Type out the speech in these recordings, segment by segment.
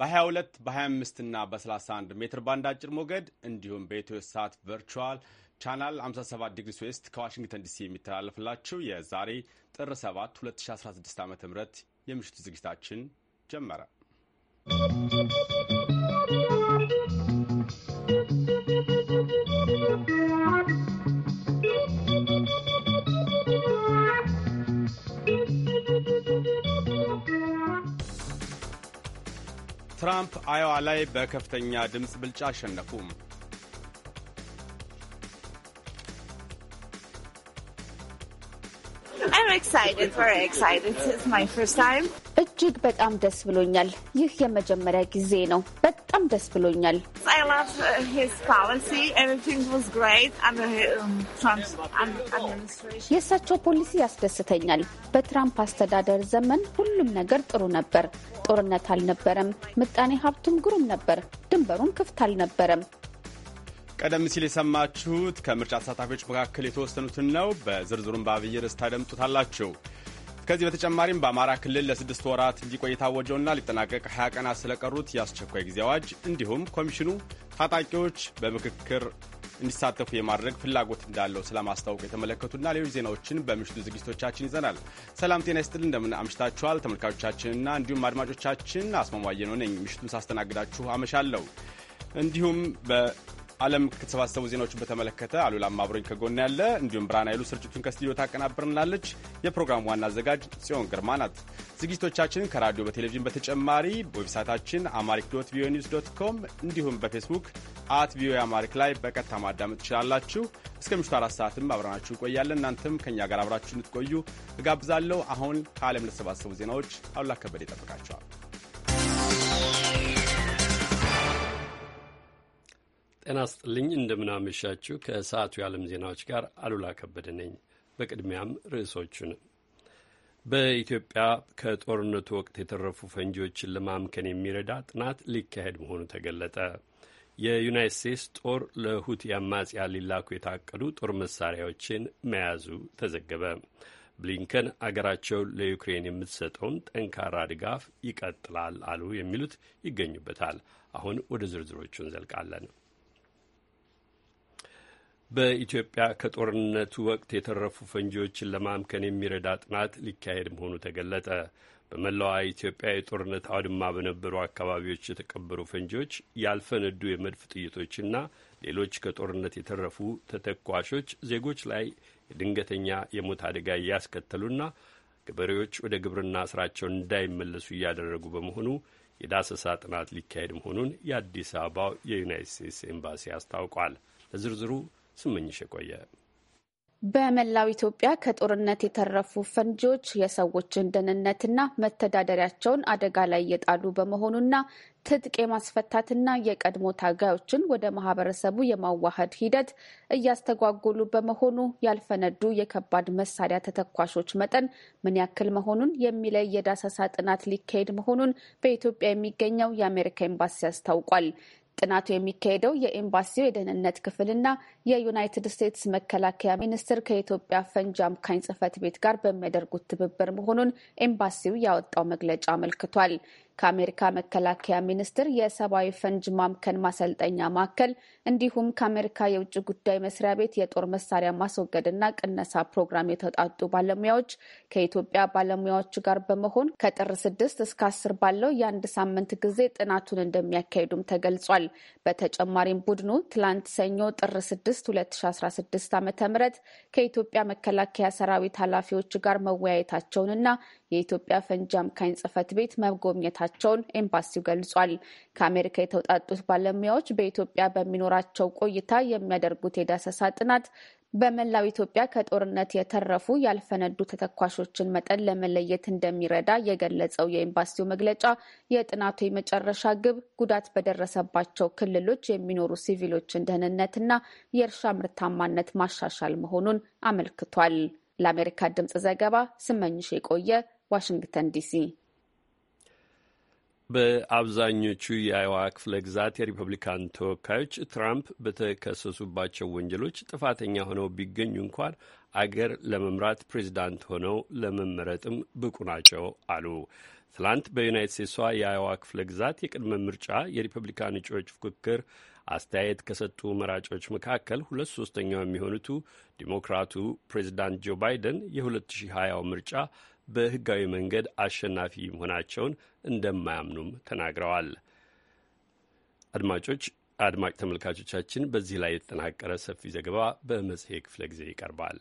በ22 በ25 እና በ31 ሜትር ባንድ አጭር ሞገድ እንዲሁም በኢትዮ ሳት ቨርቹዋል ቻናል 57 ዲግሪ ስዌስት ከዋሽንግተን ዲሲ የሚተላለፍላችሁ የዛሬ ጥር 7 2016 ዓ ም የምሽቱ ዝግጅታችን ጀመረ። ትራምፕ አዮዋ ላይ በከፍተኛ ድምፅ ብልጫ አሸነፉ። እጅግ በጣም ደስ ብሎኛል። ይህ የመጀመሪያ ጊዜ ነው። በጣም ደስ ብሎኛል። uh, um, የእሳቸው ፖሊሲ ያስደስተኛል። በትራምፕ አስተዳደር ዘመን ሁሉም ነገር ጥሩ ነበር። ጦርነት አልነበረም። ምጣኔ ሀብቱም ግሩም ነበር። ድንበሩም ክፍት አልነበረም። ቀደም ሲል የሰማችሁት ከምርጫ ተሳታፊዎች መካከል የተወሰኑትን ነው። በዝርዝሩም በአብይ ርዕስ ታደምጡታላችሁ። ከዚህ በተጨማሪም በአማራ ክልል ለስድስት ወራት እንዲቆይ የታወጀውና ሊጠናቀቅ ሀያ ቀናት ስለቀሩት የአስቸኳይ ጊዜ አዋጅ እንዲሁም ኮሚሽኑ ታጣቂዎች በምክክር እንዲሳተፉ የማድረግ ፍላጎት እንዳለው ስለማስታወቅ የተመለከቱና ሌሎች ዜናዎችን በምሽቱ ዝግጅቶቻችን ይዘናል። ሰላም ጤና ይስጥል፣ እንደምን አምሽታችኋል ተመልካቾቻችንና እንዲሁም አድማጮቻችን። አስማማየ ነው ነኝ ምሽቱን ሳስተናግዳችሁ አመሻለሁ። እንዲሁም ዓለም ከተሰባሰቡ ዜናዎችን በተመለከተ አሉላ ማብሮኝ ከጎን ያለ እንዲሁም ብርሃን ኃይሉ ስርጭቱን ከስቱዲዮ ታቀናብርናለች። የፕሮግራሙ ዋና አዘጋጅ ጽዮን ግርማ ናት። ዝግጅቶቻችን ከራዲዮ በቴሌቪዥን በተጨማሪ በዌብሳይታችን አማሪክ ዶት ቪኦኤ ኒውስ ዶት ኮም እንዲሁም በፌስቡክ አት ቪኦኤ አማሪክ ላይ በቀጥታ ማዳመጥ ትችላላችሁ። እስከ ምሽቱ አራት ሰዓትም አብረናችሁ እንቆያለን። እናንተም ከእኛ ጋር አብራችሁ እንድትቆዩ እጋብዛለሁ። አሁን ከዓለም ለተሰባሰቡ ዜናዎች አሉላ ከበደ ይጠብቃቸዋል። ጤና ስጥልኝ እንደምናመሻችሁ። ከሰዓቱ የዓለም ዜናዎች ጋር አሉላ ከበደ ነኝ። በቅድሚያም ርዕሶቹን በኢትዮጵያ ከጦርነቱ ወቅት የተረፉ ፈንጂዎችን ለማምከን የሚረዳ ጥናት ሊካሄድ መሆኑ ተገለጠ። የዩናይት ስቴትስ ጦር ለሁቲ አማጽያን ሊላኩ የታቀዱ ጦር መሳሪያዎችን መያዙ ተዘገበ። ብሊንከን አገራቸው ለዩክሬን የምትሰጠውን ጠንካራ ድጋፍ ይቀጥላል አሉ። የሚሉት ይገኙበታል። አሁን ወደ ዝርዝሮቹ እንዘልቃለን። በኢትዮጵያ ከጦርነቱ ወቅት የተረፉ ፈንጂዎችን ለማምከን የሚረዳ ጥናት ሊካሄድ መሆኑ ተገለጠ። በመላዋ ኢትዮጵያ የጦርነት አውድማ በነበሩ አካባቢዎች የተቀበሩ ፈንጂዎች፣ ያልፈነዱ የመድፍ ጥይቶችና ሌሎች ከጦርነት የተረፉ ተተኳሾች ዜጎች ላይ የድንገተኛ የሞት አደጋ እያስከተሉና ገበሬዎች ወደ ግብርና ስራቸው እንዳይመለሱ እያደረጉ በመሆኑ የዳሰሳ ጥናት ሊካሄድ መሆኑን የአዲስ አበባው የዩናይት ስቴትስ ኤምባሲ አስታውቋል። ለዝርዝሩ ስመኝሽ የቆየ በመላው ኢትዮጵያ ከጦርነት የተረፉ ፈንጂዎች የሰዎችን ደህንነትና መተዳደሪያቸውን አደጋ ላይ እየጣሉ በመሆኑና ትጥቅ የማስፈታትና የቀድሞ ታጋዮችን ወደ ማህበረሰቡ የማዋሃድ ሂደት እያስተጓጎሉ በመሆኑ ያልፈነዱ የከባድ መሳሪያ ተተኳሾች መጠን ምን ያክል መሆኑን የሚለይ የዳሰሳ ጥናት ሊካሄድ መሆኑን በኢትዮጵያ የሚገኘው የአሜሪካ ኤምባሲ አስታውቋል። ጥናቱ የሚካሄደው የኤምባሲው የደህንነት ክፍልና የዩናይትድ ስቴትስ መከላከያ ሚኒስቴር ከኢትዮጵያ ፈንጅ አምካኝ ጽሕፈት ቤት ጋር በሚያደርጉት ትብብር መሆኑን ኤምባሲው ያወጣው መግለጫ አመልክቷል። ከአሜሪካ መከላከያ ሚኒስቴር የሰብአዊ ፈንጅ ማምከን ማሰልጠኛ ማዕከል እንዲሁም ከአሜሪካ የውጭ ጉዳይ መስሪያ ቤት የጦር መሳሪያ ማስወገድና ቅነሳ ፕሮግራም የተውጣጡ ባለሙያዎች ከኢትዮጵያ ባለሙያዎች ጋር በመሆን ከጥር ስድስት እስከ አስር ባለው የአንድ ሳምንት ጊዜ ጥናቱን እንደሚያካሂዱም ተገልጿል። በተጨማሪም ቡድኑ ትላንት ሰኞ ጥር ስድስት ሁለት ሺ አስራ ስድስት ዓመተ ምህረት ከኢትዮጵያ መከላከያ ሰራዊት ኃላፊዎች ጋር መወያየታቸውንና የኢትዮጵያ ፈንጂ አምካኝ ጽህፈት ቤት መጎብኘታቸውን ኤምባሲው ገልጿል። ከአሜሪካ የተውጣጡት ባለሙያዎች በኢትዮጵያ በሚኖራቸው ቆይታ የሚያደርጉት የዳሰሳ ጥናት በመላው ኢትዮጵያ ከጦርነት የተረፉ ያልፈነዱ ተተኳሾችን መጠን ለመለየት እንደሚረዳ የገለጸው የኤምባሲው መግለጫ የጥናቱ የመጨረሻ ግብ ጉዳት በደረሰባቸው ክልሎች የሚኖሩ ሲቪሎችን ደህንነትና የእርሻ ምርታማነት ማሻሻል መሆኑን አመልክቷል። ለአሜሪካ ድምፅ ዘገባ ስመኝሽ የቆየ ዋሽንግተን ዲሲ። በአብዛኞቹ የአይዋ ክፍለ ግዛት የሪፐብሊካን ተወካዮች ትራምፕ በተከሰሱባቸው ወንጀሎች ጥፋተኛ ሆነው ቢገኙ እንኳን አገር ለመምራት ፕሬዚዳንት ሆነው ለመመረጥም ብቁ ናቸው አሉ። ትላንት በዩናይት ስቴትሷ የአይዋ ክፍለ ግዛት የቅድመ ምርጫ የሪፐብሊካን እጩዎች ፉክክር አስተያየት ከሰጡ መራጮች መካከል ሁለት ሶስተኛው የሚሆኑቱ ዲሞክራቱ ፕሬዚዳንት ጆ ባይደን የ2020 ምርጫ በህጋዊ መንገድ አሸናፊ መሆናቸውን እንደማያምኑም ተናግረዋል። አድማጮች አድማጭ ተመልካቾቻችን በዚህ ላይ የተጠናቀረ ሰፊ ዘገባ በመጽሔ ክፍለ ጊዜ ይቀርባል።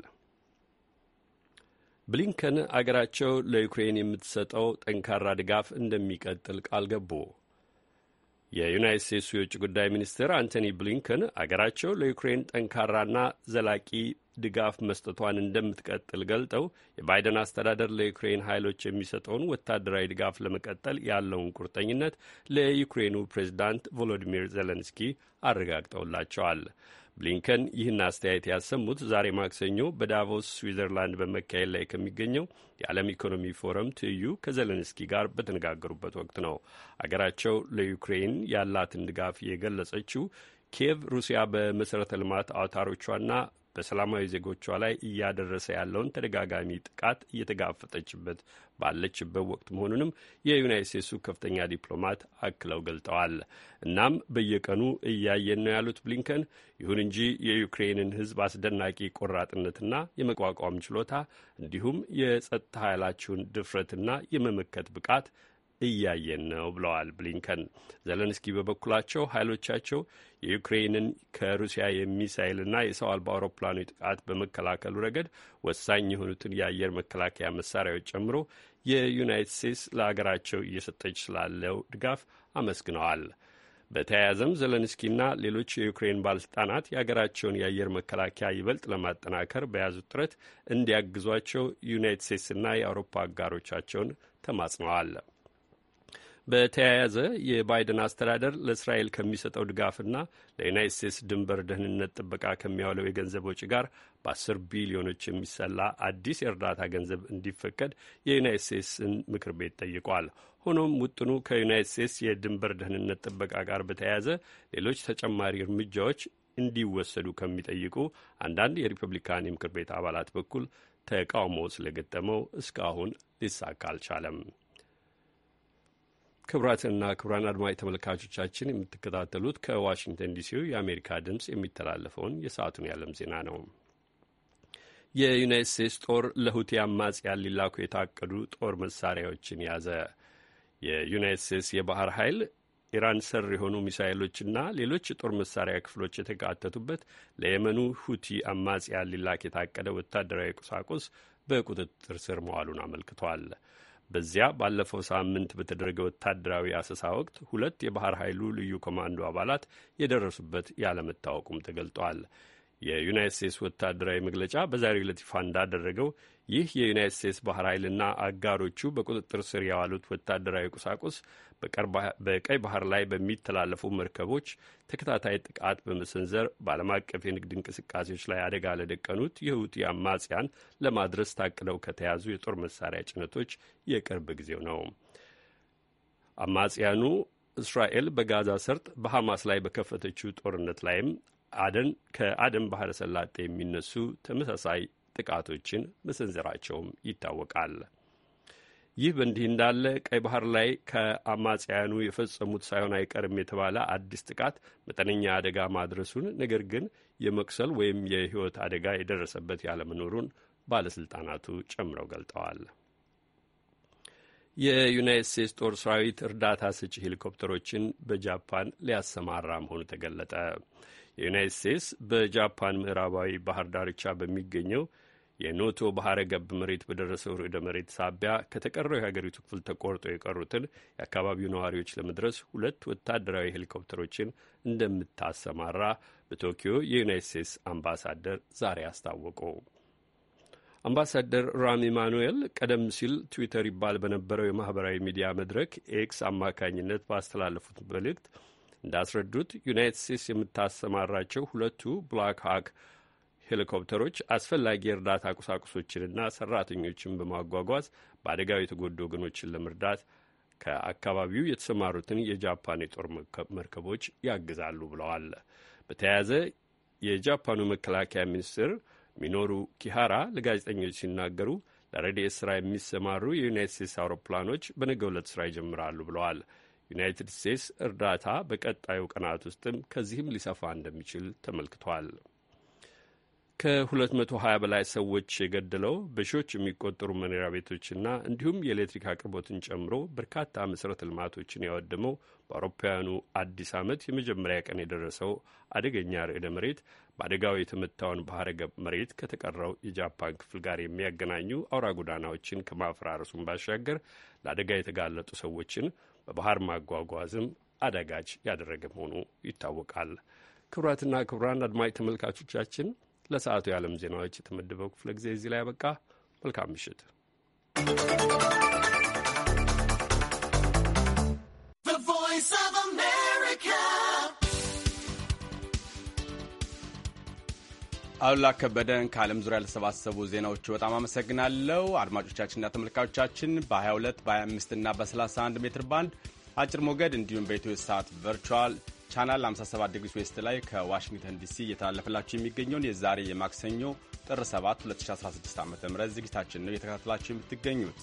ብሊንከን አገራቸው ለዩክሬን የምትሰጠው ጠንካራ ድጋፍ እንደሚቀጥል ቃል ገቡ። የዩናይት ስቴትሱ የውጭ ጉዳይ ሚኒስትር አንቶኒ ብሊንከን አገራቸው ለዩክሬን ጠንካራና ዘላቂ ድጋፍ መስጠቷን እንደምትቀጥል ገልጠው የባይደን አስተዳደር ለዩክሬን ኃይሎች የሚሰጠውን ወታደራዊ ድጋፍ ለመቀጠል ያለውን ቁርጠኝነት ለዩክሬኑ ፕሬዚዳንት ቮሎዲሚር ዜሌንስኪ አረጋግጠውላቸዋል። ብሊንከን ይህን አስተያየት ያሰሙት ዛሬ ማክሰኞ በዳቮስ ስዊዘርላንድ በመካሄድ ላይ ከሚገኘው የዓለም ኢኮኖሚ ፎረም ትይዩ ከዘለንስኪ ጋር በተነጋገሩበት ወቅት ነው። አገራቸው ለዩክሬን ያላትን ድጋፍ የገለጸችው ኪየቭ ሩሲያ በመሠረተ ልማት አውታሮቿና በሰላማዊ ዜጎቿ ላይ እያደረሰ ያለውን ተደጋጋሚ ጥቃት እየተጋፈጠችበት ባለችበት ወቅት መሆኑንም የዩናይት ስቴትሱ ከፍተኛ ዲፕሎማት አክለው ገልጠዋል። እናም በየቀኑ እያየን ነው ያሉት ብሊንከን፣ ይሁን እንጂ የዩክሬንን ሕዝብ አስደናቂ ቆራጥነትና የመቋቋም ችሎታ እንዲሁም የጸጥታ ኃይላችሁን ድፍረትና የመመከት ብቃት እያየን ነው ብለዋል ብሊንከን። ዘለንስኪ በበኩላቸው ኃይሎቻቸው የዩክሬንን ከሩሲያ የሚሳይልና የሰው አልባ አውሮፕላኖች ጥቃት በመከላከሉ ረገድ ወሳኝ የሆኑትን የአየር መከላከያ መሳሪያዎች ጨምሮ የዩናይትድ ስቴትስ ለሀገራቸው እየሰጠች ስላለው ድጋፍ አመስግነዋል። በተያያዘም ዘለንስኪና ሌሎች የዩክሬን ባለስልጣናት የሀገራቸውን የአየር መከላከያ ይበልጥ ለማጠናከር በያዙት ጥረት እንዲያግዟቸው ዩናይትድ ስቴትስና የአውሮፓ አጋሮቻቸውን ተማጽነዋል። በተያያዘ የባይደን አስተዳደር ለእስራኤል ከሚሰጠው ድጋፍና ለዩናይት ስቴትስ ድንበር ደህንነት ጥበቃ ከሚያውለው የገንዘብ ወጪ ጋር በአስር ቢሊዮኖች የሚሰላ አዲስ የእርዳታ ገንዘብ እንዲፈቀድ የዩናይት ስቴትስን ምክር ቤት ጠይቋል። ሆኖም ውጥኑ ከዩናይት ስቴትስ የድንበር ደህንነት ጥበቃ ጋር በተያያዘ ሌሎች ተጨማሪ እርምጃዎች እንዲወሰዱ ከሚጠይቁ አንዳንድ የሪፐብሊካን የምክር ቤት አባላት በኩል ተቃውሞ ስለገጠመው እስካሁን ሊሳካ አልቻለም። ክቡራትና ክቡራን አድማጭ ተመልካቾቻችን የምትከታተሉት ከዋሽንግተን ዲሲው የአሜሪካ ድምፅ የሚተላለፈውን የሰዓቱን የዓለም ዜና ነው። የዩናይት ስቴትስ ጦር ለሁቲ አማጽያን ሊላኩ የታቀዱ ጦር መሳሪያዎችን ያዘ። የዩናይት ስቴትስ የባህር ኃይል ኢራን ሰር የሆኑ ሚሳይሎችና ሌሎች የጦር መሳሪያ ክፍሎች የተካተቱበት ለየመኑ ሁቲ አማጽያን ሊላክ የታቀደ ወታደራዊ ቁሳቁስ በቁጥጥር ስር መዋሉን አመልክቷል። በዚያ ባለፈው ሳምንት በተደረገ ወታደራዊ አሰሳ ወቅት ሁለት የባህር ኃይሉ ልዩ ኮማንዶ አባላት የደረሱበት ያለመታወቁም ተገልጧል። የዩናይት ስቴትስ ወታደራዊ መግለጫ በዛሬው ዕለት ይፋ እንዳደረገው ይህ የዩናይት ስቴትስ ባህር ኃይልና አጋሮቹ በቁጥጥር ስር የዋሉት ወታደራዊ ቁሳቁስ በቀይ ባህር ላይ በሚተላለፉ መርከቦች ተከታታይ ጥቃት በመሰንዘር በዓለም አቀፍ የንግድ እንቅስቃሴዎች ላይ አደጋ ለደቀኑት የሁቲ አማጽያን ለማድረስ ታቅደው ከተያዙ የጦር መሳሪያ ጭነቶች የቅርብ ጊዜው ነው። አማጽያኑ እስራኤል በጋዛ ሰርጥ በሐማስ ላይ በከፈተችው ጦርነት ላይም አደን ከአደን ባህረ ሰላጤ የሚነሱ ተመሳሳይ ጥቃቶችን መሰንዘራቸውም ይታወቃል። ይህ በእንዲህ እንዳለ ቀይ ባህር ላይ ከአማጽያኑ የፈጸሙት ሳይሆን አይቀርም የተባለ አዲስ ጥቃት መጠነኛ አደጋ ማድረሱን ነገር ግን የመቁሰል ወይም የሕይወት አደጋ የደረሰበት ያለመኖሩን ባለስልጣናቱ ጨምረው ገልጠዋል። የዩናይት ስቴትስ ጦር ሰራዊት እርዳታ ሰጪ ሄሊኮፕተሮችን በጃፓን ሊያሰማራ መሆኑ ተገለጠ። የዩናይት ስቴትስ በጃፓን ምዕራባዊ ባህር ዳርቻ በሚገኘው የኖቶ ባህረ ገብ መሬት በደረሰው ርዕደ መሬት ሳቢያ ከተቀረው የሀገሪቱ ክፍል ተቆርጦ የቀሩትን የአካባቢው ነዋሪዎች ለመድረስ ሁለት ወታደራዊ ሄሊኮፕተሮችን እንደምታሰማራ በቶኪዮ የዩናይት ስቴትስ አምባሳደር ዛሬ አስታወቁ። አምባሳደር ራም ኢማኑኤል ቀደም ሲል ትዊተር ይባል በነበረው የማህበራዊ ሚዲያ መድረክ ኤክስ አማካኝነት ባስተላለፉት መልእክት እንዳስረዱት ዩናይትድ ስቴትስ የምታሰማራቸው ሁለቱ ብላክ ሃክ ሄሊኮፕተሮች አስፈላጊ የእርዳታ ቁሳቁሶችንና ሰራተኞችን በማጓጓዝ በአደጋው የተጎዱ ወገኖችን ለመርዳት ከአካባቢው የተሰማሩትን የጃፓን የጦር መርከቦች ያግዛሉ ብለዋል። በተያያዘ የጃፓኑ መከላከያ ሚኒስትር ሚኖሩ ኪሃራ ለጋዜጠኞች ሲናገሩ ለረድኤት ስራ የሚሰማሩ የዩናይትድ ስቴትስ አውሮፕላኖች በነገ ዕለት ስራ ይጀምራሉ ብለዋል። ዩናይትድ ስቴትስ እርዳታ በቀጣዩ ቀናት ውስጥም ከዚህም ሊሰፋ እንደሚችል ተመልክቷል። ከ220 በላይ ሰዎች የገደለው በሺዎች የሚቆጠሩ መኖሪያ ቤቶችና እንዲሁም የኤሌክትሪክ አቅርቦትን ጨምሮ በርካታ መሠረተ ልማቶችን ያወደመው በአውሮፓውያኑ አዲስ ዓመት የመጀመሪያ ቀን የደረሰው አደገኛ ርዕደ መሬት በአደጋው የተመታውን ባህረ ገብ መሬት ከተቀረው የጃፓን ክፍል ጋር የሚያገናኙ አውራ ጎዳናዎችን ከማፈራረሱን ባሻገር ለአደጋ የተጋለጡ ሰዎችን በባህር ማጓጓዝም አዳጋች ያደረገ መሆኑ ይታወቃል። ክቡራትና ክቡራን አድማጭ ተመልካቾቻችን ለሰዓቱ የዓለም ዜናዎች የተመደበው ክፍለ ጊዜ እዚህ ላይ ያበቃ። መልካም ምሽት። አሉላ ከበደን ከዓለም ዙሪያ ለተሰባሰቡ ዜናዎቹ በጣም አመሰግናለሁ። አድማጮቻችንና ተመልካቾቻችን በ22 በ25ና በ31 ሜትር ባንድ አጭር ሞገድ እንዲሁም በኢትዮ ሰዓት ቨርቹዋል ቻናል 57 ዲግሪ ዌስት ላይ ከዋሽንግተን ዲሲ እየተላለፈላችሁ የሚገኘውን የዛሬ የማክሰኞ ጥር 7 2016 ዓ ም ዝግጅታችን ነው እየተከታተላችሁ የምትገኙት።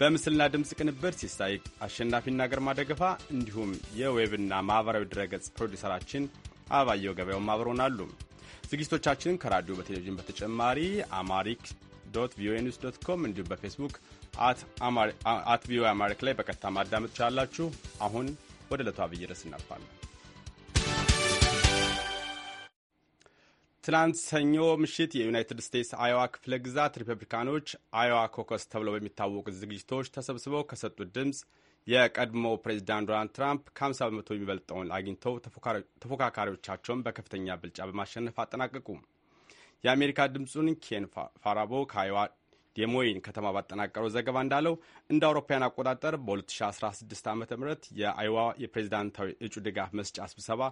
በምስልና ድምፅ ቅንብር ሲሳይ አሸናፊና ግርማ ደገፋ እንዲሁም የዌብና ማኅበራዊ ድረገጽ ፕሮዲውሰራችን አበባየው ገበያውን አብረውናሉ። ዝግጅቶቻችንን ከራዲዮ በቴሌቪዥን በተጨማሪ አማሪክ ዶት ቪኦኤ ኒውስ ዶት ኮም እንዲሁም በፌስቡክ አት ቪኦኤ አማሪክ ላይ በቀጥታ ማዳመጥ ትችላላችሁ። አሁን ወደ ዕለቱ አብይ ርዕስ እናልፋለን። ትናንት ሰኞ ምሽት የዩናይትድ ስቴትስ አዮዋ ክፍለ ግዛት ሪፐብሊካኖች አዮዋ ኮከስ ተብለው በሚታወቁት ዝግጅቶች ተሰብስበው ከሰጡት ድምፅ የቀድሞ ፕሬዚዳንት ዶናልድ ትራምፕ ከ50 በመቶ የሚበልጠውን አግኝተው ተፎካካሪዎቻቸውን በከፍተኛ ብልጫ በማሸነፍ አጠናቀቁ። የአሜሪካ ድምፁን ኬን ፋራቦ ከአይዋ ዴሞይን ከተማ ባጠናቀረው ዘገባ እንዳለው እንደ አውሮፓውያን አቆጣጠር በ2016 ዓ ም የአይዋ የፕሬዚዳንታዊ እጩ ድጋፍ መስጫ ስብሰባ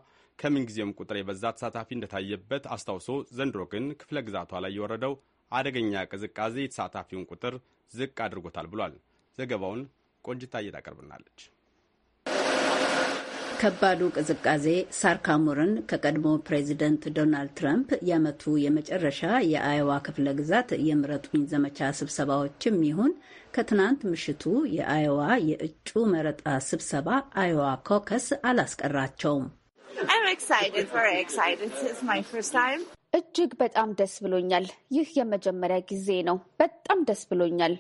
ከምንጊዜውም ቁጥር የበዛ ተሳታፊ እንደታየበት አስታውሶ ዘንድሮ ግን ክፍለ ግዛቷ ላይ የወረደው አደገኛ ቅዝቃዜ የተሳታፊውን ቁጥር ዝቅ አድርጎታል ብሏል። ዘገባውን ቆንጅታዬ ታቀርብናለች። ከባዱ ቅዝቃዜ ሳርካሙርን ከቀድሞ ፕሬዚደንት ዶናልድ ትራምፕ የዓመቱ የመጨረሻ የአይዋ ክፍለ ግዛት የምረጡኝ ዘመቻ ስብሰባዎችም ይሁን ከትናንት ምሽቱ የአይዋ የእጩ መረጣ ስብሰባ አይዋ ኮከስ አላስቀራቸውም። እጅግ በጣም ደስ ብሎኛል። ይህ የመጀመሪያ ጊዜ ነው። በጣም ደስ ብሎኛል።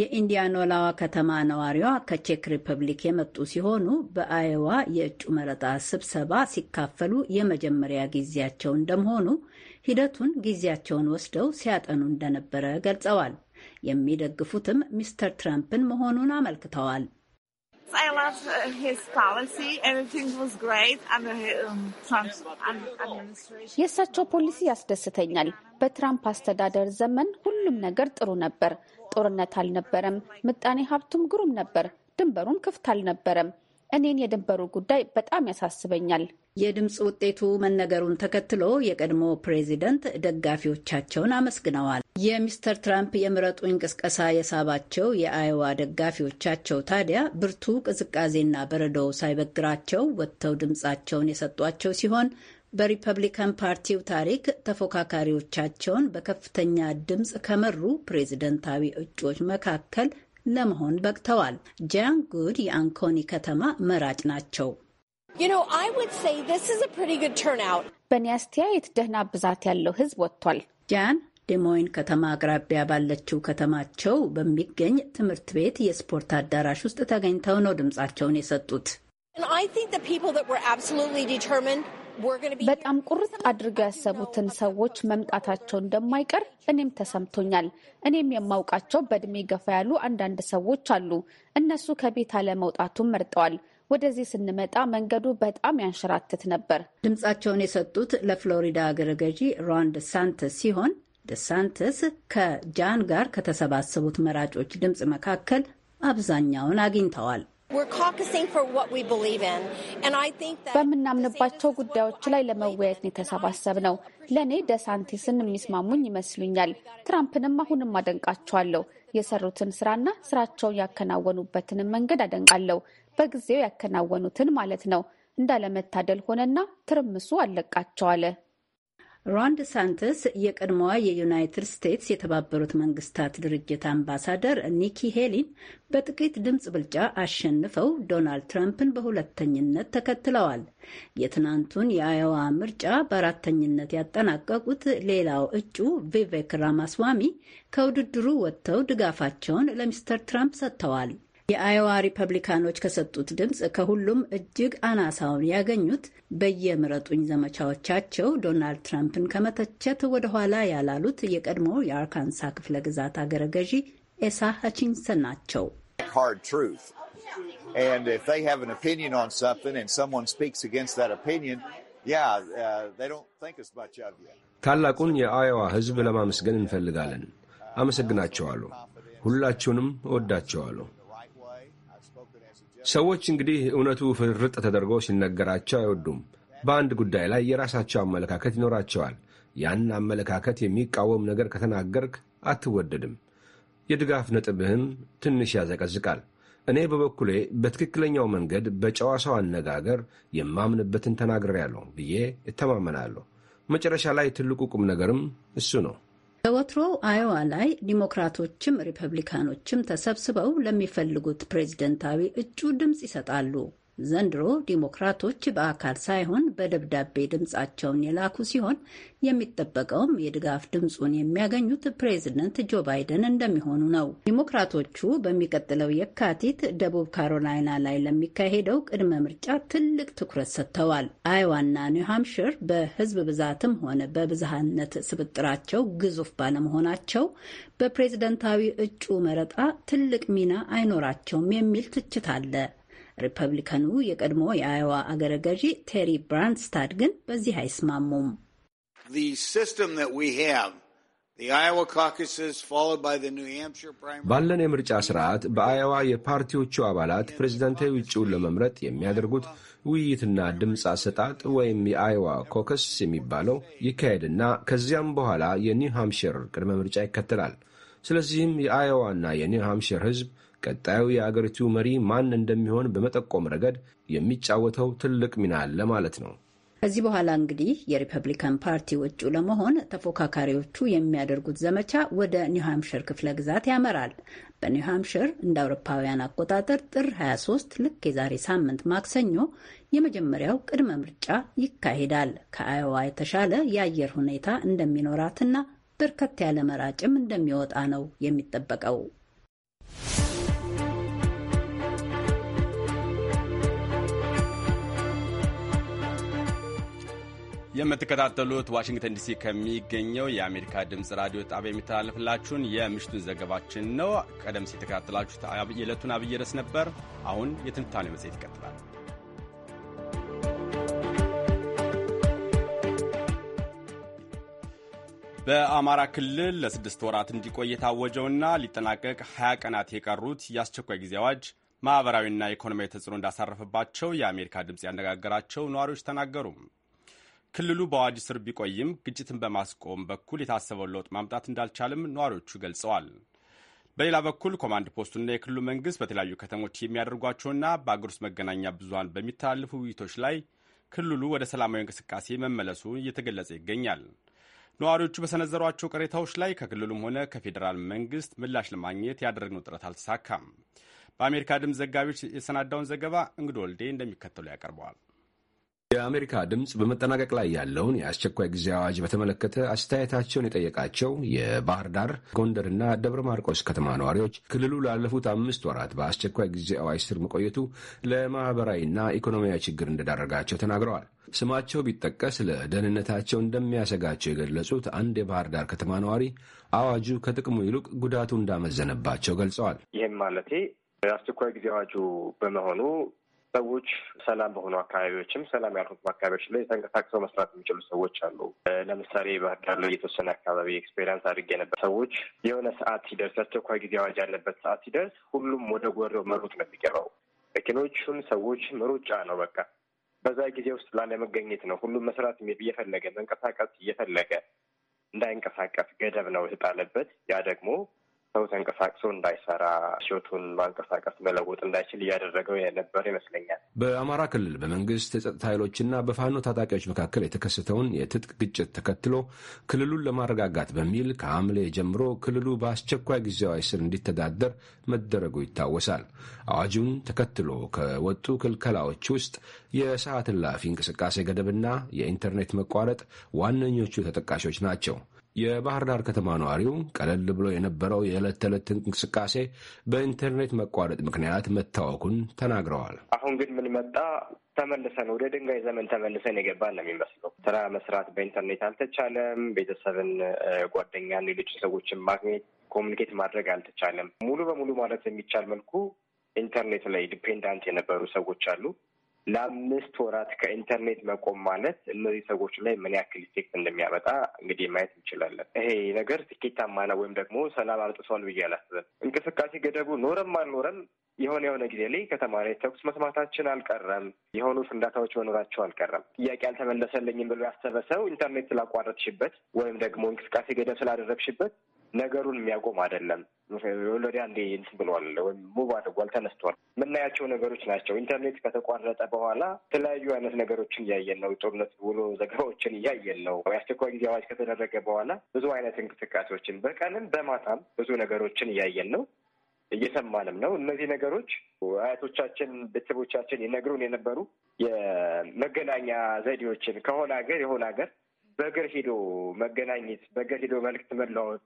የኢንዲያኖላዋ ከተማ ነዋሪዋ ከቼክ ሪፐብሊክ የመጡ ሲሆኑ በአዮዋ የእጩ መረጣ ስብሰባ ሲካፈሉ የመጀመሪያ ጊዜያቸው እንደመሆኑ ሂደቱን ጊዜያቸውን ወስደው ሲያጠኑ እንደነበረ ገልጸዋል። የሚደግፉትም ሚስተር ትራምፕን መሆኑን አመልክተዋል። um, የእሳቸው ፖሊሲ ያስደስተኛል። በትራምፕ አስተዳደር ዘመን ሁሉም ነገር ጥሩ ነበር። ጦርነት አልነበረም። ምጣኔ ሀብቱም ግሩም ነበር። ድንበሩም ክፍት አልነበረም። እኔን የድንበሩ ጉዳይ በጣም ያሳስበኛል። የድምፅ ውጤቱ መነገሩን ተከትሎ የቀድሞ ፕሬዚደንት ደጋፊዎቻቸውን አመስግነዋል። የሚስተር ትራምፕ የምረጡ እንቅስቀሳ የሳባቸው የአይዋ ደጋፊዎቻቸው ታዲያ ብርቱ ቅዝቃዜና በረዶው ሳይበግራቸው ወጥተው ድምፃቸውን የሰጧቸው ሲሆን በሪፐብሊካን ፓርቲው ታሪክ ተፎካካሪዎቻቸውን በከፍተኛ ድምፅ ከመሩ ፕሬዝደንታዊ እጩዎች መካከል ለመሆን በቅተዋል። ጃን ጉድ የአንኮኒ ከተማ መራጭ ናቸው። በኔ አስተያየት ደህና ብዛት ያለው ህዝብ ወጥቷል። ጃን ዴሞይን ከተማ አቅራቢያ ባለችው ከተማቸው በሚገኝ ትምህርት ቤት የስፖርት አዳራሽ ውስጥ ተገኝተው ነው ድምፃቸውን የሰጡት። በጣም ቁርጥ አድርገው ያሰቡትን ሰዎች መምጣታቸው እንደማይቀር እኔም ተሰምቶኛል። እኔም የማውቃቸው በእድሜ ገፋ ያሉ አንዳንድ ሰዎች አሉ። እነሱ ከቤት አለመውጣቱን መርጠዋል። ወደዚህ ስንመጣ መንገዱ በጣም ያንሸራትት ነበር። ድምጻቸውን የሰጡት ለፍሎሪዳ አገረ ገዢ ሮን ደሳንተስ ሲሆን ደሳንተስ ከጃን ጋር ከተሰባሰቡት መራጮች ድምፅ መካከል አብዛኛውን አግኝተዋል። በምናምንባቸው ጉዳዮች ላይ ለመወያየት የተሰባሰብ ነው። ለእኔ ደሳንቲስን የሚስማሙኝ ይመስሉኛል። ትራምፕንም አሁንም አደንቃቸዋለሁ። የሰሩትን ስራና ስራቸውን ያከናወኑበትንም መንገድ አደንቃለሁ። በጊዜው ያከናወኑትን ማለት ነው። እንዳለመታደል ሆነና ትርምሱ አለቃቸዋለ ሮን ዲሳንትስ የቀድሞዋ የዩናይትድ ስቴትስ የተባበሩት መንግስታት ድርጅት አምባሳደር ኒኪ ሄሊን በጥቂት ድምፅ ብልጫ አሸንፈው ዶናልድ ትራምፕን በሁለተኝነት ተከትለዋል። የትናንቱን የአዮዋ ምርጫ በአራተኝነት ያጠናቀቁት ሌላው እጩ ቪቬክ ራማስዋሚ ከውድድሩ ወጥተው ድጋፋቸውን ለሚስተር ትራምፕ ሰጥተዋል። የአዮዋ ሪፐብሊካኖች ከሰጡት ድምፅ ከሁሉም እጅግ አናሳውን ያገኙት በየምረጡኝ ዘመቻዎቻቸው ዶናልድ ትራምፕን ከመተቸት ወደኋላ ያላሉት የቀድሞ የአርካንሳ ክፍለ ግዛት አገረ ገዢ ኤሳ ሀቺንሰን ናቸው። uh, ታላቁን የአዮዋ ሕዝብ ለማመስገን እንፈልጋለን። አመሰግናቸዋለሁ። ሁላችሁንም እወዳቸዋለሁ። ሰዎች እንግዲህ እውነቱ ፍርጥ ተደርጎ ሲነገራቸው አይወዱም። በአንድ ጉዳይ ላይ የራሳቸው አመለካከት ይኖራቸዋል። ያን አመለካከት የሚቃወም ነገር ከተናገርክ አትወደድም። የድጋፍ ነጥብህም ትንሽ ያዘቀዝቃል። እኔ በበኩሌ በትክክለኛው መንገድ በጨዋ ሰው አነጋገር የማምንበትን ተናግሬያለሁ ብዬ እተማመናለሁ። መጨረሻ ላይ ትልቁ ቁም ነገርም እሱ ነው። በወትሮ አዮዋ ላይ ዲሞክራቶችም ሪፐብሊካኖችም ተሰብስበው ለሚፈልጉት ፕሬዚደንታዊ እጩ ድምፅ ይሰጣሉ። ዘንድሮ ዲሞክራቶች በአካል ሳይሆን በደብዳቤ ድምፃቸውን የላኩ ሲሆን የሚጠበቀውም የድጋፍ ድምፁን የሚያገኙት ፕሬዝደንት ጆ ባይደን እንደሚሆኑ ነው። ዲሞክራቶቹ በሚቀጥለው የካቲት ደቡብ ካሮላይና ላይ ለሚካሄደው ቅድመ ምርጫ ትልቅ ትኩረት ሰጥተዋል። አይዋና ኒውሃምሽር ሃምሽር በህዝብ ብዛትም ሆነ በብዝሃነት ስብጥራቸው ግዙፍ ባለመሆናቸው በፕሬዝደንታዊ እጩ መረጣ ትልቅ ሚና አይኖራቸውም የሚል ትችት አለ። ሪፐብሊካኑ የቀድሞ የአዮዋ አገረ ገዢ ቴሪ ብራንስታድ ግን በዚህ አይስማሙም። ባለን የምርጫ ስርዓት በአያዋ የፓርቲዎቹ አባላት ፕሬዚዳንታዊ እጩውን ለመምረጥ የሚያደርጉት ውይይትና ድምፅ አሰጣጥ ወይም የአይዋ ኮከስ የሚባለው ይካሄድና ከዚያም በኋላ የኒው ሃምሽር ቅድመ ምርጫ ይከተላል። ስለዚህም የአይዋ የኒው ሃምሽር ህዝብ። ቀጣዩ የአገሪቱ መሪ ማን እንደሚሆን በመጠቆም ረገድ የሚጫወተው ትልቅ ሚና አለ ማለት ነው። ከዚህ በኋላ እንግዲህ የሪፐብሊካን ፓርቲ እጩ ለመሆን ተፎካካሪዎቹ የሚያደርጉት ዘመቻ ወደ ኒውሃምሽር ክፍለ ግዛት ያመራል። በኒውሃምሽር እንደ አውሮፓውያን አቆጣጠር ጥር 23 ልክ የዛሬ ሳምንት ማክሰኞ የመጀመሪያው ቅድመ ምርጫ ይካሄዳል። ከአዮዋ የተሻለ የአየር ሁኔታ እንደሚኖራትና በርከት ያለ መራጭም እንደሚወጣ ነው የሚጠበቀው። የምትከታተሉት ዋሽንግተን ዲሲ ከሚገኘው የአሜሪካ ድምፅ ራዲዮ ጣቢያ የሚተላለፍላችሁን የምሽቱን ዘገባችን ነው። ቀደም ሲል የተከታተላችሁት የዕለቱን አብይ ርዕስ ነበር። አሁን የትንታኔ መጽሔት ይቀጥላል። በአማራ ክልል ለስድስት ወራት እንዲቆይ የታወጀውና ሊጠናቀቅ ሀያ ቀናት የቀሩት የአስቸኳይ ጊዜ አዋጅ ማኅበራዊና ኢኮኖሚያዊ ተጽዕኖ እንዳሳረፈባቸው የአሜሪካ ድምፅ ያነጋገራቸው ነዋሪዎች ተናገሩ። ክልሉ በአዋጅ ስር ቢቆይም ግጭትን በማስቆም በኩል የታሰበውን ለውጥ ማምጣት እንዳልቻለም ነዋሪዎቹ ገልጸዋል። በሌላ በኩል ኮማንድ ፖስቱና የክልሉ መንግስት በተለያዩ ከተሞች የሚያደርጓቸውና በአገር ውስጥ መገናኛ ብዙሀን በሚተላለፉ ውይይቶች ላይ ክልሉ ወደ ሰላማዊ እንቅስቃሴ መመለሱ እየተገለጸ ይገኛል። ነዋሪዎቹ በሰነዘሯቸው ቅሬታዎች ላይ ከክልሉም ሆነ ከፌዴራል መንግስት ምላሽ ለማግኘት ያደረግነው ጥረት አልተሳካም። በአሜሪካ ድምፅ ዘጋቢዎች የሰናዳውን ዘገባ እንግዶ ወልዴ እንደሚከተሉ ያቀርበዋል። የአሜሪካ ድምፅ በመጠናቀቅ ላይ ያለውን የአስቸኳይ ጊዜ አዋጅ በተመለከተ አስተያየታቸውን የጠየቃቸው የባህር ዳር፣ ጎንደር እና ደብረ ማርቆስ ከተማ ነዋሪዎች ክልሉ ላለፉት አምስት ወራት በአስቸኳይ ጊዜ አዋጅ ስር መቆየቱ ለማኅበራዊና ኢኮኖሚያዊ ችግር እንደዳረጋቸው ተናግረዋል። ስማቸው ቢጠቀስ ለደህንነታቸው እንደሚያሰጋቸው የገለጹት አንድ የባህር ዳር ከተማ ነዋሪ አዋጁ ከጥቅሙ ይልቅ ጉዳቱ እንዳመዘነባቸው ገልጸዋል። ይህም ማለቴ አስቸኳይ ጊዜ አዋጁ በመሆኑ ሰዎች ሰላም በሆኑ አካባቢዎችም ሰላም ያልሆኑ አካባቢዎች ላይ ተንቀሳቅሰው መስራት የሚችሉ ሰዎች አሉ። ለምሳሌ ባህር ዳር ላይ የተወሰነ አካባቢ ኤክስፔሪንስ አድርጌ ነበር። ሰዎች የሆነ ሰዓት ሲደርስ አስቸኳይ ጊዜ አዋጅ ያለበት ሰዓት ሲደርስ ሁሉም ወደ ጎረው መሮጥ ነው የሚገባው። መኪኖቹን፣ ሰዎች ምሩጫ ነው በቃ በዛ ጊዜ ውስጥ ላለመገኘት ነው። ሁሉም መስራት እየፈለገ መንቀሳቀስ እየፈለገ እንዳይንቀሳቀስ ገደብ ነው የተጣለበት። ያ ደግሞ ሰው ተንቀሳቅሶ እንዳይሰራ ሕይወቱን ማንቀሳቀስ መለወጥ እንዳይችል እያደረገው የነበረ ይመስለኛል። በአማራ ክልል በመንግስት የጸጥታ ኃይሎችና በፋኖ ታጣቂዎች መካከል የተከሰተውን የትጥቅ ግጭት ተከትሎ ክልሉን ለማረጋጋት በሚል ከሐምሌ ጀምሮ ክልሉ በአስቸኳይ ጊዜ አዋጅ ስር እንዲተዳደር መደረጉ ይታወሳል። አዋጁን ተከትሎ ከወጡ ክልከላዎች ውስጥ የሰዓት እላፊ እንቅስቃሴ ገደብና የኢንተርኔት መቋረጥ ዋነኞቹ ተጠቃሾች ናቸው። የባህር ዳር ከተማ ነዋሪው ቀለል ብሎ የነበረው የዕለት ተዕለት እንቅስቃሴ በኢንተርኔት መቋረጥ ምክንያት መታወኩን ተናግረዋል። አሁን ግን ምን መጣ? ተመልሰን ወደ ድንጋይ ዘመን ተመልሰን የገባን ነው የሚመስለው። ስራ መስራት በኢንተርኔት አልተቻለም። ቤተሰብን፣ ጓደኛን፣ ሌሎች ሰዎችን ማግኘት ኮሚኒኬት ማድረግ አልተቻለም። ሙሉ በሙሉ ማለት የሚቻል መልኩ ኢንተርኔት ላይ ዲፔንዳንት የነበሩ ሰዎች አሉ። ለአምስት ወራት ከኢንተርኔት መቆም ማለት እነዚህ ሰዎች ላይ ምን ያክል ኢፌክት እንደሚያመጣ እንግዲህ ማየት እንችላለን። ይሄ ነገር ስኬታማ ነው ወይም ደግሞ ሰላም አልጥሷል ብዬ አላስብም። እንቅስቃሴ ገደቡ ኖረም አልኖረም የሆነ የሆነ ጊዜ ላይ ከተማ ላይ ተኩስ መስማታችን አልቀረም፣ የሆኑ ፍንዳታዎች መኖራቸው አልቀረም። ጥያቄ አልተመለሰልኝም ብሎ ያሰበ ሰው ኢንተርኔት ስላቋረጥሽበት ወይም ደግሞ እንቅስቃሴ ገደብ ስላደረግሽበት ነገሩን የሚያቆም አይደለም። ወደ አንዴ እንትን ብለዋል ወይም ሙቭ አድርጓል ተነስቷል። የምናያቸው ነገሮች ናቸው። ኢንተርኔት ከተቋረጠ በኋላ የተለያዩ አይነት ነገሮችን እያየን ነው። ጦርነት ውሎ ዘገባዎችን እያየን ነው። የአስቸኳይ ጊዜ አዋጅ ከተደረገ በኋላ ብዙ አይነት እንቅስቃሴዎችን በቀንም በማታም ብዙ ነገሮችን እያየን ነው እየሰማንም ነው። እነዚህ ነገሮች አያቶቻችን፣ ቤተሰቦቻችን ይነግሩን የነበሩ የመገናኛ ዘዴዎችን ከሆነ ሀገር የሆነ ሀገር በእግር ሄዶ መገናኘት፣ በእግር ሄዶ መልዕክት መለዋወጥ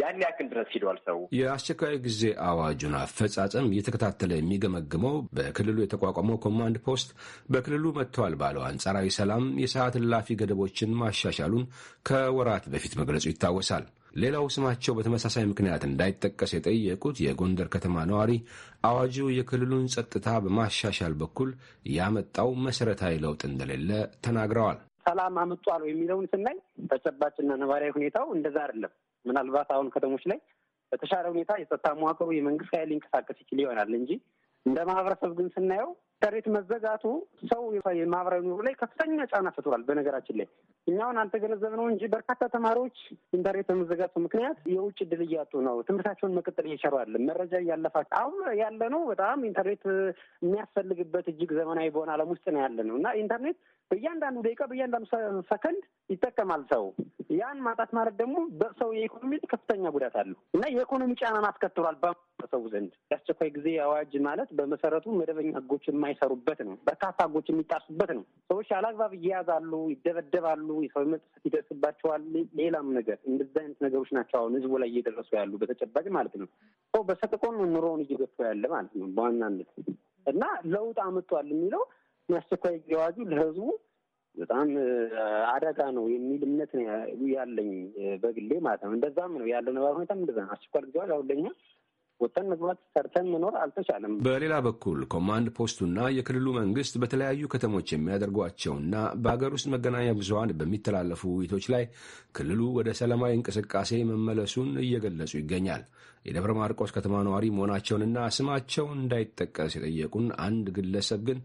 ያን ያክል ድረስ ሂዷል። ሰው የአስቸኳይ ጊዜ አዋጁን አፈጻጸም እየተከታተለ የሚገመግመው በክልሉ የተቋቋመው ኮማንድ ፖስት በክልሉ መጥተዋል ባለው አንጻራዊ ሰላም የሰዓት እላፊ ገደቦችን ማሻሻሉን ከወራት በፊት መግለጹ ይታወሳል። ሌላው ስማቸው በተመሳሳይ ምክንያት እንዳይጠቀስ የጠየቁት የጎንደር ከተማ ነዋሪ አዋጁ የክልሉን ጸጥታ በማሻሻል በኩል ያመጣው መሰረታዊ ለውጥ እንደሌለ ተናግረዋል። ሰላም አመጧል የሚለውን ስናይ ተጨባጭና ነባራዊ ሁኔታው እንደዛ አይደለም። ምናልባት አሁን ከተሞች ላይ በተሻለ ሁኔታ የጸጥታ መዋቅሩ የመንግስት ኃይል ሊንቀሳቀስ ይችል ይሆናል እንጂ እንደ ማህበረሰብ ግን ስናየው ኢንተርኔት መዘጋቱ ሰው የማህበራዊ ኑሮ ላይ ከፍተኛ ጫና ፈጥሯል። በነገራችን ላይ እኛውን አልተገነዘብ ነው እንጂ በርካታ ተማሪዎች ኢንተርኔት በመዘጋቱ ምክንያት የውጭ እድል እያጡ ነው። ትምህርታቸውን መቀጠል እየቸሩ አለ መረጃ እያለፋቸው አሁን ያለ ነው። በጣም ኢንተርኔት የሚያስፈልግበት እጅግ ዘመናዊ በሆነ ዓለም ውስጥ ነው ያለ ነው እና ኢንተርኔት በእያንዳንዱ ደቂቃ በእያንዳንዱ ሰከንድ ይጠቀማል ሰው። ያን ማጣት ማለት ደግሞ በሰው የኢኮኖሚ ከፍተኛ ጉዳት አለው እና የኢኮኖሚ ጫናን አስከትሏል በሰው ዘንድ። የአስቸኳይ ጊዜ አዋጅ ማለት በመሰረቱ መደበኛ ህጎች የማ የማይሰሩበት ነው። በርካታ ህጎች የሚጣሱበት ነው። ሰዎች አላግባብ እያያዛሉ፣ ይደበደባሉ፣ የሰው መብት ጥሰት ይደርስባቸዋል። ሌላም ነገር እንደዚህ አይነት ነገሮች ናቸው አሁን ህዝቡ ላይ እየደረሱ ያሉ በተጨባጭ ማለት ነው። ሰው በሰቅቆን ኑሮውን እየገፋ ያለ ማለት ነው በዋናነት እና ለውጥ አመጧል የሚለው አስቸኳይ ጊዜ አዋጁ ለህዝቡ በጣም አደጋ ነው የሚል እምነት ያለኝ በግሌ ማለት ነው። እንደዛም ነው ያለው ነባር ሁኔታ እንደዛ ነው። አስቸኳይ ጊዜ አዋጅ አሁን ለኛ ወጥተን መግባት፣ ሰርተን መኖር አልተቻለም። በሌላ በኩል ኮማንድ ፖስቱና የክልሉ መንግስት በተለያዩ ከተሞች የሚያደርጓቸውና በሀገር ውስጥ መገናኛ ብዙሀን በሚተላለፉ ውይይቶች ላይ ክልሉ ወደ ሰላማዊ እንቅስቃሴ መመለሱን እየገለጹ ይገኛል። የደብረ ማርቆስ ከተማ ነዋሪ መሆናቸውንና ስማቸው እንዳይጠቀስ የጠየቁን አንድ ግለሰብ ግን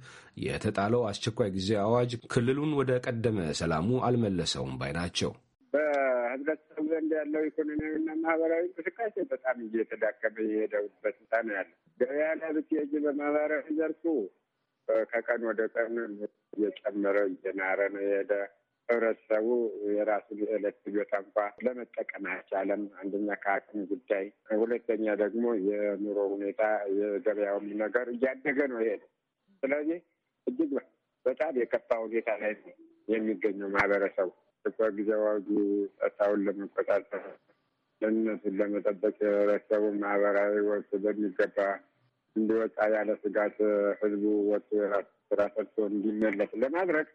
የተጣለው አስቸኳይ ጊዜ አዋጅ ክልሉን ወደ ቀደመ ሰላሙ አልመለሰውም ባይ ናቸው። በህብረት ያለው ኢኮኖሚያዊና ማህበራዊ እንቅስቃሴ በጣም እየተዳከመ የሄደበት ሁኔታ ነው ያለ። ገበያ ላይ ብትሄጂ በማህበራዊ ዘርፉ ከቀን ወደ ቀን እየጨመረ እየናረ ነው የሄደ። ህብረተሰቡ የራሱን የዕለት ፍጆታ እንኳ ለመጠቀም አልቻለም። አንደኛ ከአቅም ጉዳይ፣ ሁለተኛ ደግሞ የኑሮ ሁኔታ የገበያውም ነገር እያደገ ነው ይሄ። ስለዚህ እጅግ በጣም የከፋ ሁኔታ ላይ ነው የሚገኘው ማህበረሰቡ። አስቸኳይ ጊዜ አዋጁ ጸጥታውን ለመቆጣጠር ደህንነቱን ለመጠበቅ የህብረተሰቡ ማህበራዊ ወቅት በሚገባ እንዲወጣ ያለ ስጋት ህዝቡ ወጥቶ የራሱ ስራ ሰርቶ እንዲመለስ ለማድረግ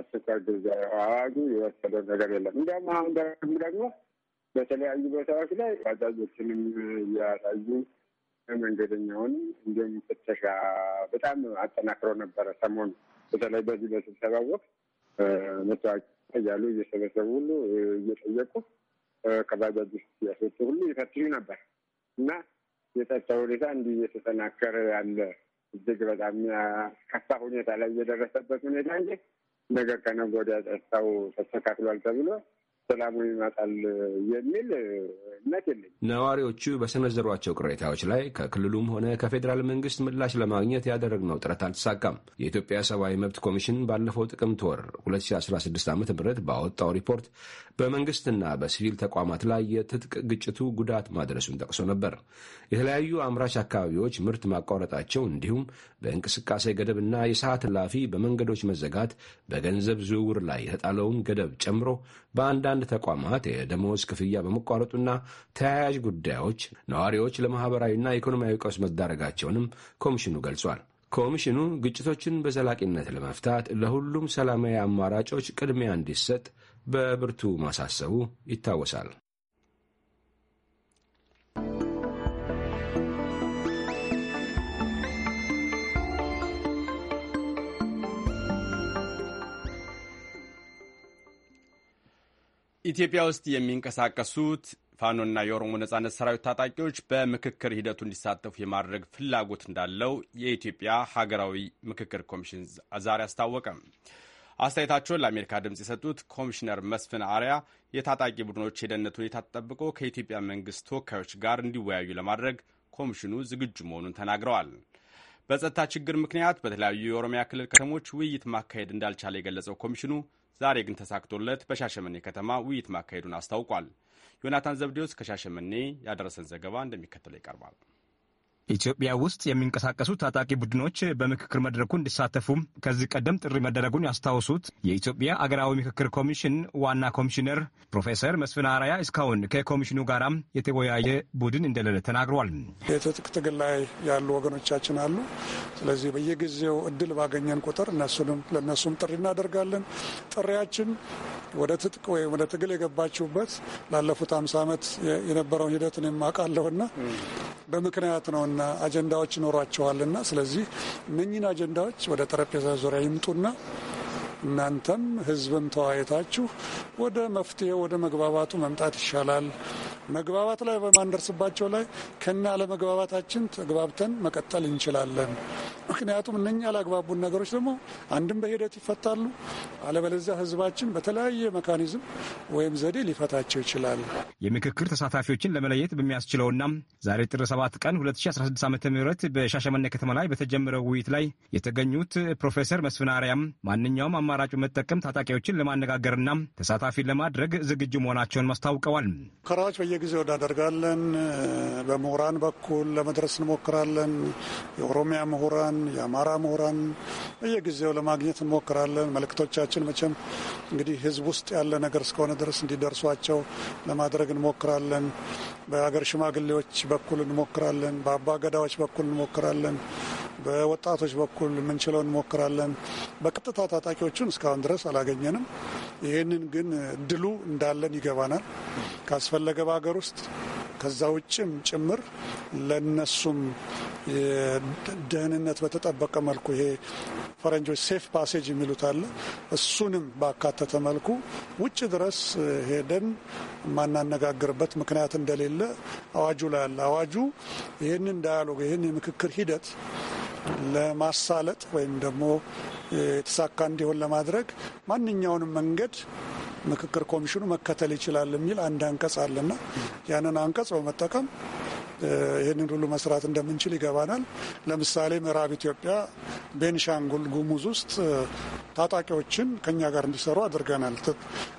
አስቸኳይ ጊዜ አዋጁ የወሰደው ነገር የለም። እንዲያውም አሁን ደግሞ በተለያዩ ቦታዎች ላይ ባጃጆችንም እያሳዩ መንገደኛውን እንዲሁም ፍተሻ በጣም አጠናክሮ ነበረ ሰሞኑ በተለይ በዚህ በስብሰባ ወቅት መታወቂያ እያሉ እየሰበሰቡ ሁሉ እየጠየቁ ከባጃጅ ውስጥ እያስወጡ ሁሉ ይፈትሹ ነበር እና የጸጥታ ሁኔታ እንዲህ እየተጠናከረ ያለ እጅግ በጣም ከፋ ሁኔታ ላይ እየደረሰበት ሁኔታ እንጂ ነገር ከነገ ወዲያ ጸጥታው ተስተካክሏል ተብሎ ሰላሙ ይመጣል የሚል እምነት የለኝ። ነዋሪዎቹ በሰነዘሯቸው ቅሬታዎች ላይ ከክልሉም ሆነ ከፌዴራል መንግስት ምላሽ ለማግኘት ያደረግነው ጥረት አልተሳካም። የኢትዮጵያ ሰብአዊ መብት ኮሚሽን ባለፈው ጥቅምት ወር 2016 ዓ ም ባወጣው ሪፖርት በመንግስትና በሲቪል ተቋማት ላይ የትጥቅ ግጭቱ ጉዳት ማድረሱን ጠቅሶ ነበር። የተለያዩ አምራች አካባቢዎች ምርት ማቋረጣቸው እንዲሁም በእንቅስቃሴ ገደብና የሰዓት ላፊ በመንገዶች መዘጋት በገንዘብ ዝውውር ላይ የተጣለውን ገደብ ጨምሮ በአንዳንድ ተቋማት የደሞዝ ክፍያ በመቋረጡና ተያያዥ ጉዳዮች ነዋሪዎች ለማኅበራዊና ኢኮኖሚያዊ ቀውስ መዳረጋቸውንም ኮሚሽኑ ገልጿል። ኮሚሽኑ ግጭቶችን በዘላቂነት ለመፍታት ለሁሉም ሰላማዊ አማራጮች ቅድሚያ እንዲሰጥ በብርቱ ማሳሰቡ ይታወሳል። ኢትዮጵያ ውስጥ የሚንቀሳቀሱት ፋኖና የኦሮሞ ነጻነት ሰራዊት ታጣቂዎች በምክክር ሂደቱ እንዲሳተፉ የማድረግ ፍላጎት እንዳለው የኢትዮጵያ ሀገራዊ ምክክር ኮሚሽን ዛሬ አስታወቀም። አስተያየታቸውን ለአሜሪካ ድምፅ የሰጡት ኮሚሽነር መስፍን አርያ የታጣቂ ቡድኖች የደህንነት ሁኔታ ተጠብቆ ከኢትዮጵያ መንግስት ተወካዮች ጋር እንዲወያዩ ለማድረግ ኮሚሽኑ ዝግጁ መሆኑን ተናግረዋል። በጸጥታ ችግር ምክንያት በተለያዩ የኦሮሚያ ክልል ከተሞች ውይይት ማካሄድ እንዳልቻለ የገለጸው ኮሚሽኑ ዛሬ ግን ተሳክቶለት በሻሸመኔ ከተማ ውይይት ማካሄዱን አስታውቋል። ዮናታን ዘብዴዎስ ከሻሸመኔ ያደረሰን ዘገባ እንደሚከተለው ይቀርባል። ኢትዮጵያ ውስጥ የሚንቀሳቀሱ ታጣቂ ቡድኖች በምክክር መድረኩ እንዲሳተፉ ከዚህ ቀደም ጥሪ መደረጉን ያስታውሱት የኢትዮጵያ አገራዊ ምክክር ኮሚሽን ዋና ኮሚሽነር ፕሮፌሰር መስፍን አራያ እስካሁን ከኮሚሽኑ ጋራም የተወያየ ቡድን እንደሌለ ተናግሯል። የትጥቅ ትግል ላይ ያሉ ወገኖቻችን አሉ። ስለዚህ በየጊዜው እድል ባገኘን ቁጥር እነሱንም ለእነሱም ጥሪ እናደርጋለን። ጥሪያችን ወደ ትጥቅ ወይም ወደ ትግል የገባችሁበት ላለፉት አምሳ ዓመት የነበረውን ሂደትን የማውቃለሁና በምክንያት ነውና አጀንዳዎች ይኖሯቸዋልና ስለዚህ እነኝን አጀንዳዎች ወደ ጠረጴዛ ዙሪያ ይምጡና እናንተም ህዝብም ተወያይታችሁ ወደ መፍትሄ ወደ መግባባቱ መምጣት ይሻላል። መግባባት ላይ በማንደርስባቸው ላይ ከና አለመግባባታችን ተግባብተን መቀጠል እንችላለን። ምክንያቱም እነኛ ያላግባቡን ነገሮች ደግሞ አንድም በሂደት ይፈታሉ፣ አለበለዚያ ህዝባችን በተለያየ መካኒዝም ወይም ዘዴ ሊፈታቸው ይችላል። የምክክር ተሳታፊዎችን ለመለየት በሚያስችለውና ዛሬ ጥር 7 ቀን 2016 ዓ ም በሻሸመኔ ከተማ ላይ በተጀመረው ውይይት ላይ የተገኙት ፕሮፌሰር መስፍን አርያም ማንኛውም አማራጭ በመጠቀም ታጣቂዎችን ለማነጋገርና ተሳታፊ ለማድረግ ዝግጁ መሆናቸውን አስታውቀዋል። ሙከራዎች በየጊዜው እናደርጋለን። በምሁራን በኩል ለመድረስ እንሞክራለን። የኦሮሚያ ምሁራን፣ የአማራ ምሁራን በየጊዜው ለማግኘት እንሞክራለን። መልእክቶቻችን መቼም እንግዲህ ህዝብ ውስጥ ያለ ነገር እስከሆነ ድረስ እንዲደርሷቸው ለማድረግ እንሞክራለን። በሀገር ሽማግሌዎች በኩል እንሞክራለን። በአባ ገዳዎች በኩል እንሞክራለን። በወጣቶች በኩል የምንችለው እንሞክራለን። በቀጥታ ታጣቂዎቹን እስካሁን ድረስ አላገኘንም። ይህንን ግን እድሉ እንዳለን ይገባናል። ካስፈለገ በሀገር ውስጥ ከዛ ውጭም ጭምር ለነሱም ደህንነት በተጠበቀ መልኩ ይሄ ፈረንጆች ሴፍ ፓሴጅ የሚሉት አለ። እሱንም ባካተተ መልኩ ውጭ ድረስ ሄደን የማናነጋግርበት ምክንያት እንደሌለ አዋጁ ላይ አለ። አዋጁ ይህንን ዳያሎግ ይህን የምክክር ሂደት ለማሳለጥ ወይም ደግሞ የተሳካ እንዲሆን ለማድረግ ማንኛውንም መንገድ ምክክር ኮሚሽኑ መከተል ይችላል የሚል አንድ አንቀጽ አለና ያንን አንቀጽ በመጠቀም ይህንን ሁሉ መስራት እንደምንችል ይገባናል። ለምሳሌ ምዕራብ ኢትዮጵያ ቤንሻንጉል ጉሙዝ ውስጥ ታጣቂዎችን ከኛ ጋር እንዲሰሩ አድርገናል።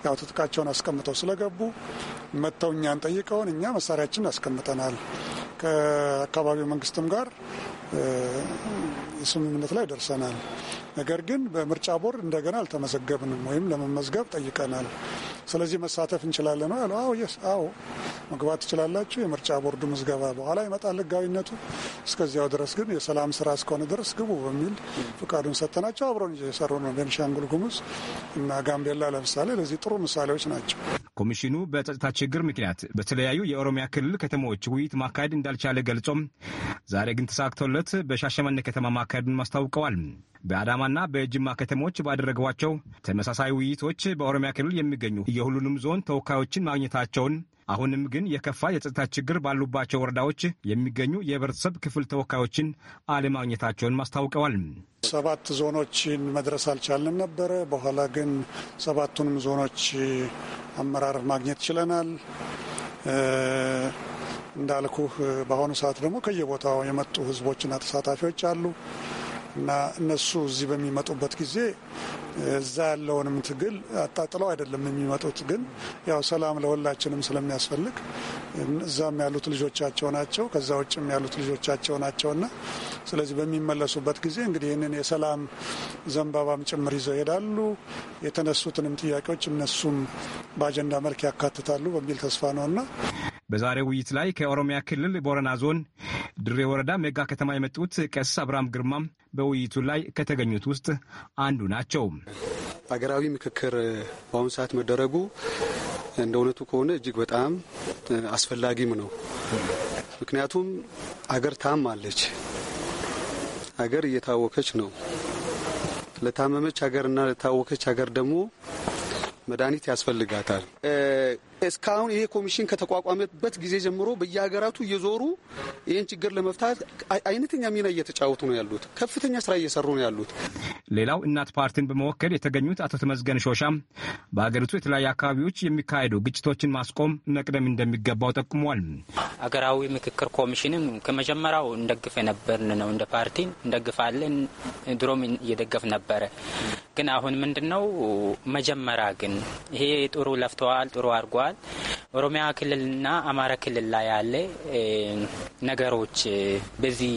ያው ትጥቃቸውን አስቀምጠው ስለገቡ መጥተው እኛን ጠይቀውን እኛ መሳሪያችን አስቀምጠናል። ከአካባቢው መንግስትም ጋር ስምምነት ላይ ደርሰናል። ነገር ግን በምርጫ ቦርድ እንደገና አልተመዘገብንም ወይም ለመመዝገብ ጠይቀናል። ስለዚህ መሳተፍ እንችላለን ያለ አዎ፣ የስ አዎ፣ መግባት ትችላላችሁ። የምርጫ ቦርዱ ምዝገባ በኋላ ይመጣል ህጋዊነቱ። እስከዚያው ድረስ ግን የሰላም ስራ እስከሆነ ድረስ ግቡ በሚል ፍቃዱን ሰጠናቸው። አብረን የሰሩ ነው። ቤንሻንጉል ጉሙዝ እና ጋምቤላ ለምሳሌ ለዚህ ጥሩ ምሳሌዎች ናቸው። ኮሚሽኑ በጸጥታ ችግር ምክንያት በተለያዩ የኦሮሚያ ክልል ከተሞች ውይይት ማካሄድ እንዳልቻለ ገልጾም ዛሬ ግን ተሳክቶለት ጥረት በሻሸመኔ ከተማ ማካሄዱን አስታውቀዋል። በአዳማና በጅማ ከተሞች ባደረጓቸው ተመሳሳይ ውይይቶች በኦሮሚያ ክልል የሚገኙ የሁሉንም ዞን ተወካዮችን ማግኘታቸውን አሁንም ግን የከፋ የጸጥታ ችግር ባሉባቸው ወረዳዎች የሚገኙ የህብረተሰብ ክፍል ተወካዮችን አለማግኘታቸውን ማስታውቀዋል። ሰባት ዞኖችን መድረስ አልቻልንም ነበረ። በኋላ ግን ሰባቱንም ዞኖች አመራር ማግኘት ችለናል። እንዳልኩ በአሁኑ ሰዓት ደግሞ ከየቦታው የመጡ ህዝቦችና ተሳታፊዎች አሉ እና እነሱ እዚህ በሚመጡበት ጊዜ እዛ ያለውንም ትግል አጣጥለው አይደለም የሚመጡት። ግን ያው ሰላም ለሁላችንም ስለሚያስፈልግ እዛም ያሉት ልጆቻቸው ናቸው፣ ከዛ ውጭም ያሉት ልጆቻቸው ናቸውና ስለዚህ በሚመለሱበት ጊዜ እንግዲህ ይህንን የሰላም ዘንባባም ጭምር ይዘው ይሄዳሉ። የተነሱትንም ጥያቄዎች እነሱም በአጀንዳ መልክ ያካትታሉ በሚል ተስፋ ነው ና። በዛሬው ውይይት ላይ ከኦሮሚያ ክልል ቦረና ዞን ድሬ ወረዳ ሜጋ ከተማ የመጡት ቀስ አብርሃም ግርማም በውይይቱ ላይ ከተገኙት ውስጥ አንዱ ናቸው። አገራዊ ምክክር በአሁኑ ሰዓት መደረጉ እንደ እውነቱ ከሆነ እጅግ በጣም አስፈላጊም ነው። ምክንያቱም አገር አለች አገር እየታወከች ነው። ለታመመች ሀገርና ለታወከች ሀገር ደግሞ መድኃኒት ያስፈልጋታል። እስካሁን ይሄ ኮሚሽን ከተቋቋመበት ጊዜ ጀምሮ በየሀገራቱ እየዞሩ ይህን ችግር ለመፍታት አይነተኛ ሚና እየተጫወቱ ነው ያሉት። ከፍተኛ ስራ እየሰሩ ነው ያሉት። ሌላው እናት ፓርቲን በመወከል የተገኙት አቶ ተመዝገን ሾሻም በሀገሪቱ የተለያዩ አካባቢዎች የሚካሄዱ ግጭቶችን ማስቆም መቅደም እንደሚገባው ጠቁመዋል። ሀገራዊ ምክክር ኮሚሽንም ከመጀመሪያው እንደግፍ የነበርን ነው። እንደ ፓርቲ እንደግፋለን። ድሮም እየደገፍ ነበረ። ግን አሁን ምንድን ነው መጀመሪያ ግን ይሄ ጥሩ ለፍተዋል፣ ጥሩ አድርጓል ይባላል። ኦሮሚያ ክልልና አማራ ክልል ላይ ያለ ነገሮች በዚህ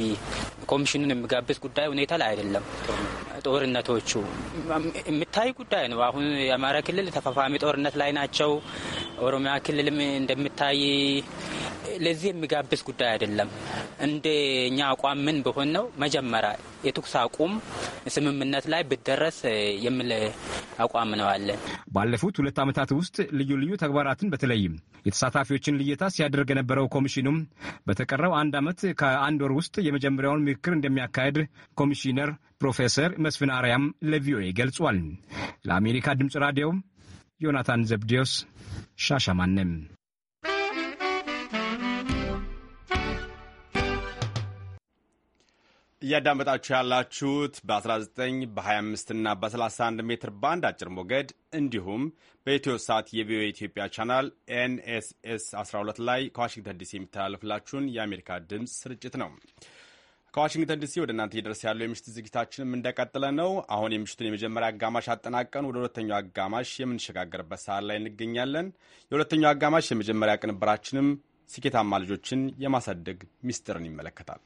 ኮሚሽኑን የሚጋብዝ ጉዳይ ሁኔታ ላይ አይደለም። ጦርነቶቹ የምታይ ጉዳይ ነው። አሁን የአማራ ክልል ተፋፋሚ ጦርነት ላይ ናቸው። ኦሮሚያ ክልልም እንደምታይ ለዚህ የሚጋብዝ ጉዳይ አይደለም። እንደ እኛ አቋም ምን በሆን ነው መጀመሪያ የተኩስ አቁም ስምምነት ላይ ብደረስ የሚል አቋም ነው አለን። ባለፉት ሁለት ዓመታት ውስጥ ልዩ ልዩ ተግባራት አባላትን በተለይም የተሳታፊዎችን ልየታ ሲያደርግ የነበረው ኮሚሽኑም በተቀረው አንድ ዓመት ከአንድ ወር ውስጥ የመጀመሪያውን ምክክር እንደሚያካሄድ ኮሚሽነር ፕሮፌሰር መስፍን አርያም ለቪኦኤ ገልጿል። ለአሜሪካ ድምፅ ራዲዮ ዮናታን ዘብዴዎስ ሻሸማኔም እያዳመጣችሁ ያላችሁት በ19 በ25 እና በ31 ሜትር ባንድ አጭር ሞገድ እንዲሁም በኢትዮ ሳት የቪኦኤ ኢትዮጵያ ቻናል ኤንኤስኤስ 12 ላይ ከዋሽንግተን ዲሲ የሚተላለፍላችሁን የአሜሪካ ድምፅ ስርጭት ነው። ከዋሽንግተን ዲሲ ወደ እናንተ እየደረስ ያለው የምሽት ዝግጅታችንም እንደቀጠለ ነው። አሁን የምሽቱን የመጀመሪያ አጋማሽ አጠናቀን ወደ ሁለተኛው አጋማሽ የምንሸጋገርበት ሰዓት ላይ እንገኛለን። የሁለተኛው አጋማሽ የመጀመሪያ ቅንብራችንም ስኬታማ ልጆችን የማሳደግ ሚስጥርን ይመለከታል።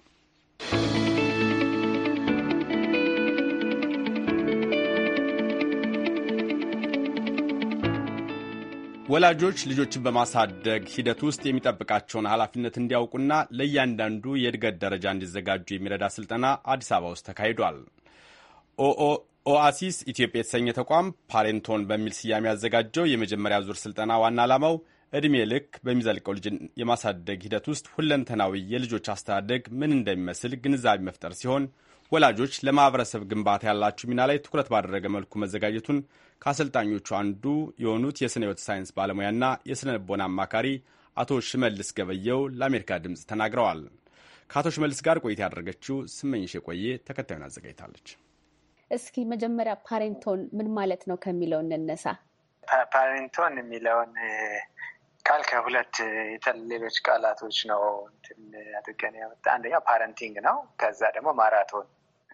ወላጆች ልጆችን በማሳደግ ሂደት ውስጥ የሚጠብቃቸውን ኃላፊነት እንዲያውቁና ለእያንዳንዱ የእድገት ደረጃ እንዲዘጋጁ የሚረዳ ስልጠና አዲስ አበባ ውስጥ ተካሂዷል። ኦአሲስ ኢትዮጵያ የተሰኘ ተቋም ፓሬንቶን በሚል ስያሜ ያዘጋጀው የመጀመሪያ ዙር ስልጠና ዋና ዓላማው ዕድሜ ልክ በሚዘልቀው ልጅን የማሳደግ ሂደት ውስጥ ሁለንተናዊ የልጆች አስተዳደግ ምን እንደሚመስል ግንዛቤ መፍጠር ሲሆን ወላጆች ለማህበረሰብ ግንባታ ያላቸው ሚና ላይ ትኩረት ባደረገ መልኩ መዘጋጀቱን ከአሰልጣኞቹ አንዱ የሆኑት የስነ ህይወት ሳይንስ ባለሙያና የስነ ልቦና አማካሪ አቶ ሽመልስ ገበየው ለአሜሪካ ድምፅ ተናግረዋል። ከአቶ ሽመልስ ጋር ቆይታ ያደረገችው ስመኝሽ የቆየ ተከታዩን አዘጋጅታለች። እስኪ መጀመሪያ ፓሬንቶን ምን ማለት ነው ከሚለው እንነሳ። ፓሬንቶን የሚለውን ቃል ከሁለት ሌሎች ቃላቶች ነው አድርገን ያመጣ። አንደኛው ፓረንቲንግ ነው። ከዛ ደግሞ ማራቶን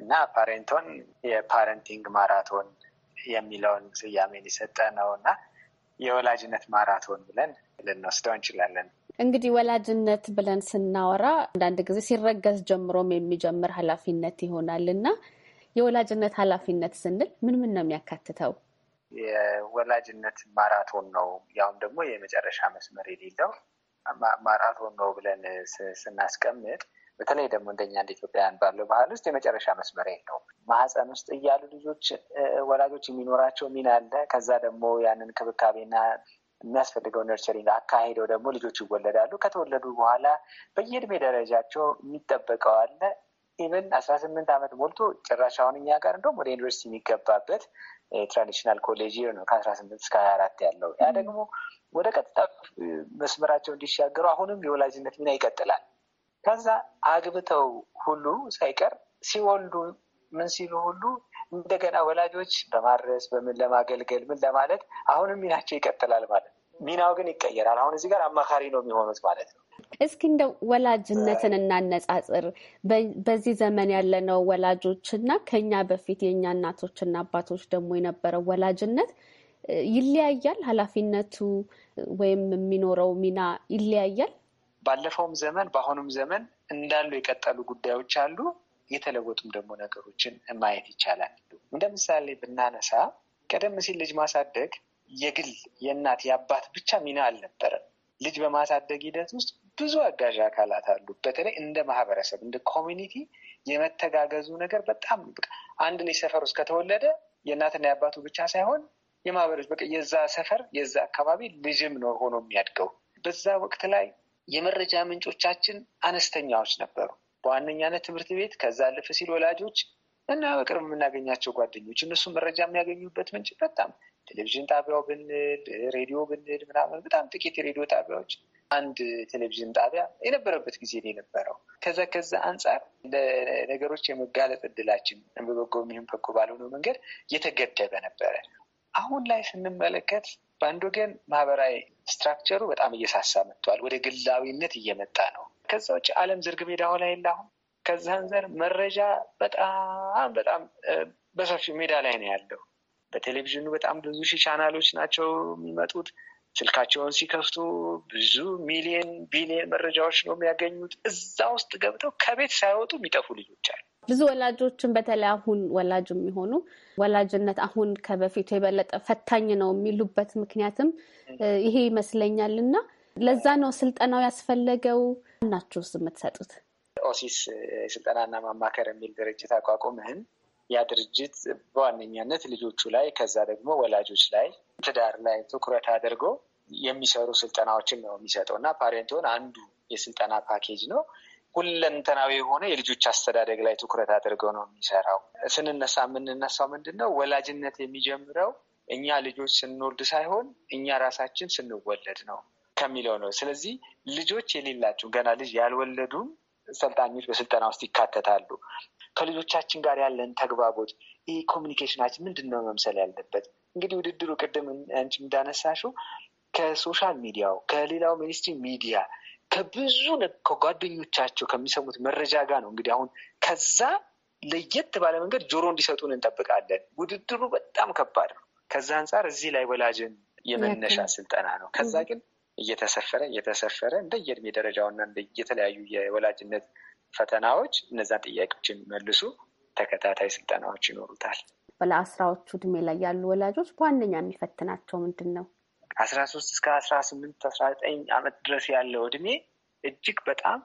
እና ፓሬንቶን የፓረንቲንግ ማራቶን የሚለውን ስያሜን የሰጠ ነው እና የወላጅነት ማራቶን ብለን ልንወስደው እንችላለን። እንግዲህ ወላጅነት ብለን ስናወራ አንዳንድ ጊዜ ሲረገዝ ጀምሮም የሚጀምር ኃላፊነት ይሆናል እና የወላጅነት ኃላፊነት ስንል ምን ምን ነው የሚያካትተው? የወላጅነት ማራቶን ነው ያውም ደግሞ የመጨረሻ መስመር የሌለው ማራቶን ነው ብለን ስናስቀምጥ በተለይ ደግሞ እንደኛ እንደ ኢትዮጵያውያን ባለው ባህል ውስጥ የመጨረሻ መስመር የለውም። ማህፀን ውስጥ እያሉ ልጆች ወላጆች የሚኖራቸው ሚና አለ። ከዛ ደግሞ ያንን ክብካቤና የሚያስፈልገው ነርቸሪንግ አካሄደው ደግሞ ልጆች ይወለዳሉ። ከተወለዱ በኋላ በየእድሜ ደረጃቸው የሚጠበቀው አለ። ኢቨን አስራ ስምንት ዓመት ሞልቶ ጭራሽ አሁን እኛ ጋር እንደውም ወደ ዩኒቨርሲቲ የሚገባበት ትራዲሽናል ኮሌጅ ነው ከአስራ ስምንት እስከ ሀያ አራት ያለው ያ ደግሞ ወደ ቀጥታ መስመራቸው እንዲሻገሩ አሁንም የወላጅነት ሚና ይቀጥላል። ከዛ አግብተው ሁሉ ሳይቀር ሲወልዱ ምን ሲሉ ሁሉ እንደገና ወላጆች በማድረስ በምን ለማገልገል ምን ለማለት አሁንም ሚናቸው ይቀጥላል ማለት ነው። ሚናው ግን ይቀየራል። አሁን እዚህ ጋር አማካሪ ነው የሚሆኑት ማለት ነው። እስኪ እንደ ወላጅነትን እናነጻጽር። በዚህ ዘመን ያለነው ወላጆች እና ከኛ በፊት የእኛ እናቶችና አባቶች ደግሞ የነበረው ወላጅነት ይለያያል። ኃላፊነቱ ወይም የሚኖረው ሚና ይለያያል። ባለፈውም ዘመን በአሁኑም ዘመን እንዳሉ የቀጠሉ ጉዳዮች አሉ። የተለወጡም ደግሞ ነገሮችን ማየት ይቻላል። እንደ ምሳሌ ብናነሳ ቀደም ሲል ልጅ ማሳደግ የግል የእናት የአባት ብቻ ሚና አልነበረም። ልጅ በማሳደግ ሂደት ውስጥ ብዙ አጋዥ አካላት አሉ። በተለይ እንደ ማህበረሰብ እንደ ኮሚኒቲ የመተጋገዙ ነገር በጣም አንድ ልጅ ሰፈር ውስጥ ከተወለደ የእናትና የአባቱ ብቻ ሳይሆን የማህበረሰብ በቃ የዛ ሰፈር የዛ አካባቢ ልጅም ነው ሆኖ የሚያድገው በዛ ወቅት ላይ የመረጃ ምንጮቻችን አነስተኛዎች ነበሩ። በዋነኛነት ትምህርት ቤት፣ ከዛ አለፍ ሲል ወላጆች እና በቅርብ የምናገኛቸው ጓደኞች፣ እነሱ መረጃ የሚያገኙበት ምንጭ በጣም ቴሌቪዥን ጣቢያው ብንል ሬዲዮ ብንል ምናምን በጣም ጥቂት የሬዲዮ ጣቢያዎች፣ አንድ ቴሌቪዥን ጣቢያ የነበረበት ጊዜ ነው የነበረው። ከዛ ከዛ አንጻር ለነገሮች የመጋለጥ እድላችን በበጎ የሚሆን በጎ ባልሆነው መንገድ እየተገደበ ነበረ። አሁን ላይ ስንመለከት በአንድ ወገን ማህበራዊ ስትራክቸሩ በጣም እየሳሳ መጥቷል። ወደ ግላዊነት እየመጣ ነው። ከዛ ውጭ ዓለም ዝርግ ሜዳ ሆና የለ አሁን ከዛ መረጃ በጣም በጣም በሰፊው ሜዳ ላይ ነው ያለው። በቴሌቪዥኑ በጣም ብዙ ሺህ ቻናሎች ናቸው የሚመጡት። ስልካቸውን ሲከፍቱ ብዙ ሚሊየን ቢሊየን መረጃዎች ነው የሚያገኙት። እዛ ውስጥ ገብተው ከቤት ሳይወጡ የሚጠፉ ልጆች አሉ። ብዙ ወላጆችን በተለይ አሁን ወላጅ የሚሆኑ ወላጅነት አሁን ከበፊቱ የበለጠ ፈታኝ ነው የሚሉበት ምክንያትም ይሄ ይመስለኛል። እና ለዛ ነው ስልጠናው ያስፈለገው ናችሁስ የምትሰጡት? ኦሲስ ስልጠናና ማማከር የሚል ድርጅት አቋቁምህን ያ ድርጅት በዋነኛነት ልጆቹ ላይ ከዛ ደግሞ ወላጆች ላይ ትዳር ላይ ትኩረት አድርጎ የሚሰሩ ስልጠናዎችን ነው የሚሰጠው እና ፓሬንቶን አንዱ የስልጠና ፓኬጅ ነው። ሁለንተናዊ የሆነ የልጆች አስተዳደግ ላይ ትኩረት አድርገው ነው የሚሰራው። ስንነሳ የምንነሳው ምንድን ነው ወላጅነት የሚጀምረው እኛ ልጆች ስንወልድ ሳይሆን እኛ ራሳችን ስንወለድ ነው ከሚለው ነው። ስለዚህ ልጆች የሌላቸው ገና ልጅ ያልወለዱም ሰልጣኞች በስልጠና ውስጥ ይካተታሉ። ከልጆቻችን ጋር ያለን ተግባቦት፣ ይህ ኮሚኒኬሽናችን ምንድን ነው መምሰል ያለበት? እንግዲህ ውድድሩ ቅድም አንቺ እንዳነሳሽው ከሶሻል ሚዲያው ከሌላው ሚኒስትሪ ሚዲያ ከብዙ ከጓደኞቻቸው ከሚሰሙት መረጃ ጋር ነው እንግዲህ አሁን ከዛ ለየት ባለ መንገድ ጆሮ እንዲሰጡን እንጠብቃለን። ውድድሩ በጣም ከባድ ነው። ከዛ አንጻር እዚህ ላይ ወላጅን የመነሻ ስልጠና ነው። ከዛ ግን እየተሰፈረ እየተሰፈረ እንደ የእድሜ ደረጃውና እንደ የተለያዩ የወላጅነት ፈተናዎች እነዛን ጥያቄዎች የሚመልሱ ተከታታይ ስልጠናዎች ይኖሩታል። በለአስራዎቹ እድሜ ላይ ያሉ ወላጆች በዋነኛ የሚፈትናቸው ምንድን ነው? አስራ ሶስት እስከ አስራ ስምንት አስራ ዘጠኝ አመት ድረስ ያለው እድሜ እጅግ በጣም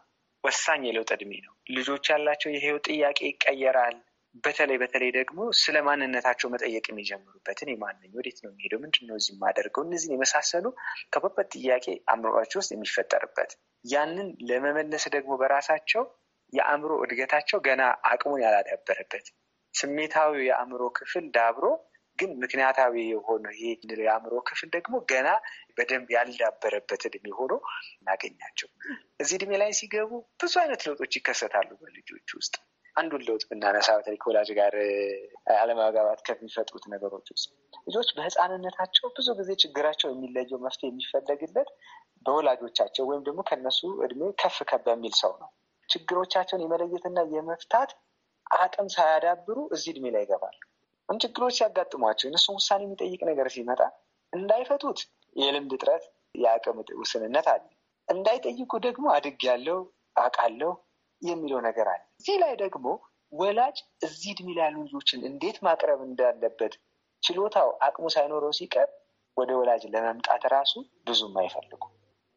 ወሳኝ የለውጥ እድሜ ነው። ልጆች ያላቸው የህይወት ጥያቄ ይቀየራል። በተለይ በተለይ ደግሞ ስለ ማንነታቸው መጠየቅ የሚጀምሩበትን የማንኝ ወዴት ነው የሚሄደው? ምንድን ነው እዚህ የማደርገው? እነዚህን የመሳሰሉ ከበበት ጥያቄ አእምሯቸው ውስጥ የሚፈጠርበት ያንን ለመመለስ ደግሞ በራሳቸው የአእምሮ እድገታቸው ገና አቅሙን ያላዳበረበት ስሜታዊ የአእምሮ ክፍል ዳብሮ ግን ምክንያታዊ የሆነ ይህ የአእምሮ ክፍል ደግሞ ገና በደንብ ያልዳበረበት እድሜ ሆኖ እናገኛቸው። እዚህ እድሜ ላይ ሲገቡ ብዙ አይነት ለውጦች ይከሰታሉ በልጆች ውስጥ። አንዱን ለውጥ ብናነሳ በተለይ ከወላጅ ጋር አለመግባባት ከሚፈጥሩት ነገሮች ውስጥ ልጆች በህፃንነታቸው ብዙ ጊዜ ችግራቸው የሚለየው መፍትሄ የሚፈለግለት በወላጆቻቸው ወይም ደግሞ ከነሱ እድሜ ከፍ ከፍ በሚል ሰው ነው። ችግሮቻቸውን የመለየትና የመፍታት አቅም ሳያዳብሩ እዚህ እድሜ ላይ ይገባሉ። ችግሮች ሲያጋጥሟቸው እነሱን ውሳኔ የሚጠይቅ ነገር ሲመጣ እንዳይፈቱት የልምድ እጥረት፣ የአቅም ውስንነት አለ። እንዳይጠይቁ ደግሞ ያለው አውቃለሁ የሚለው ነገር አለ። እዚህ ላይ ደግሞ ወላጅ እዚህ እድሜ ላይ ያሉ ልጆችን እንዴት ማቅረብ እንዳለበት ችሎታው አቅሙ ሳይኖረው ሲቀር ወደ ወላጅ ለመምጣት ራሱ ብዙም አይፈልጉ።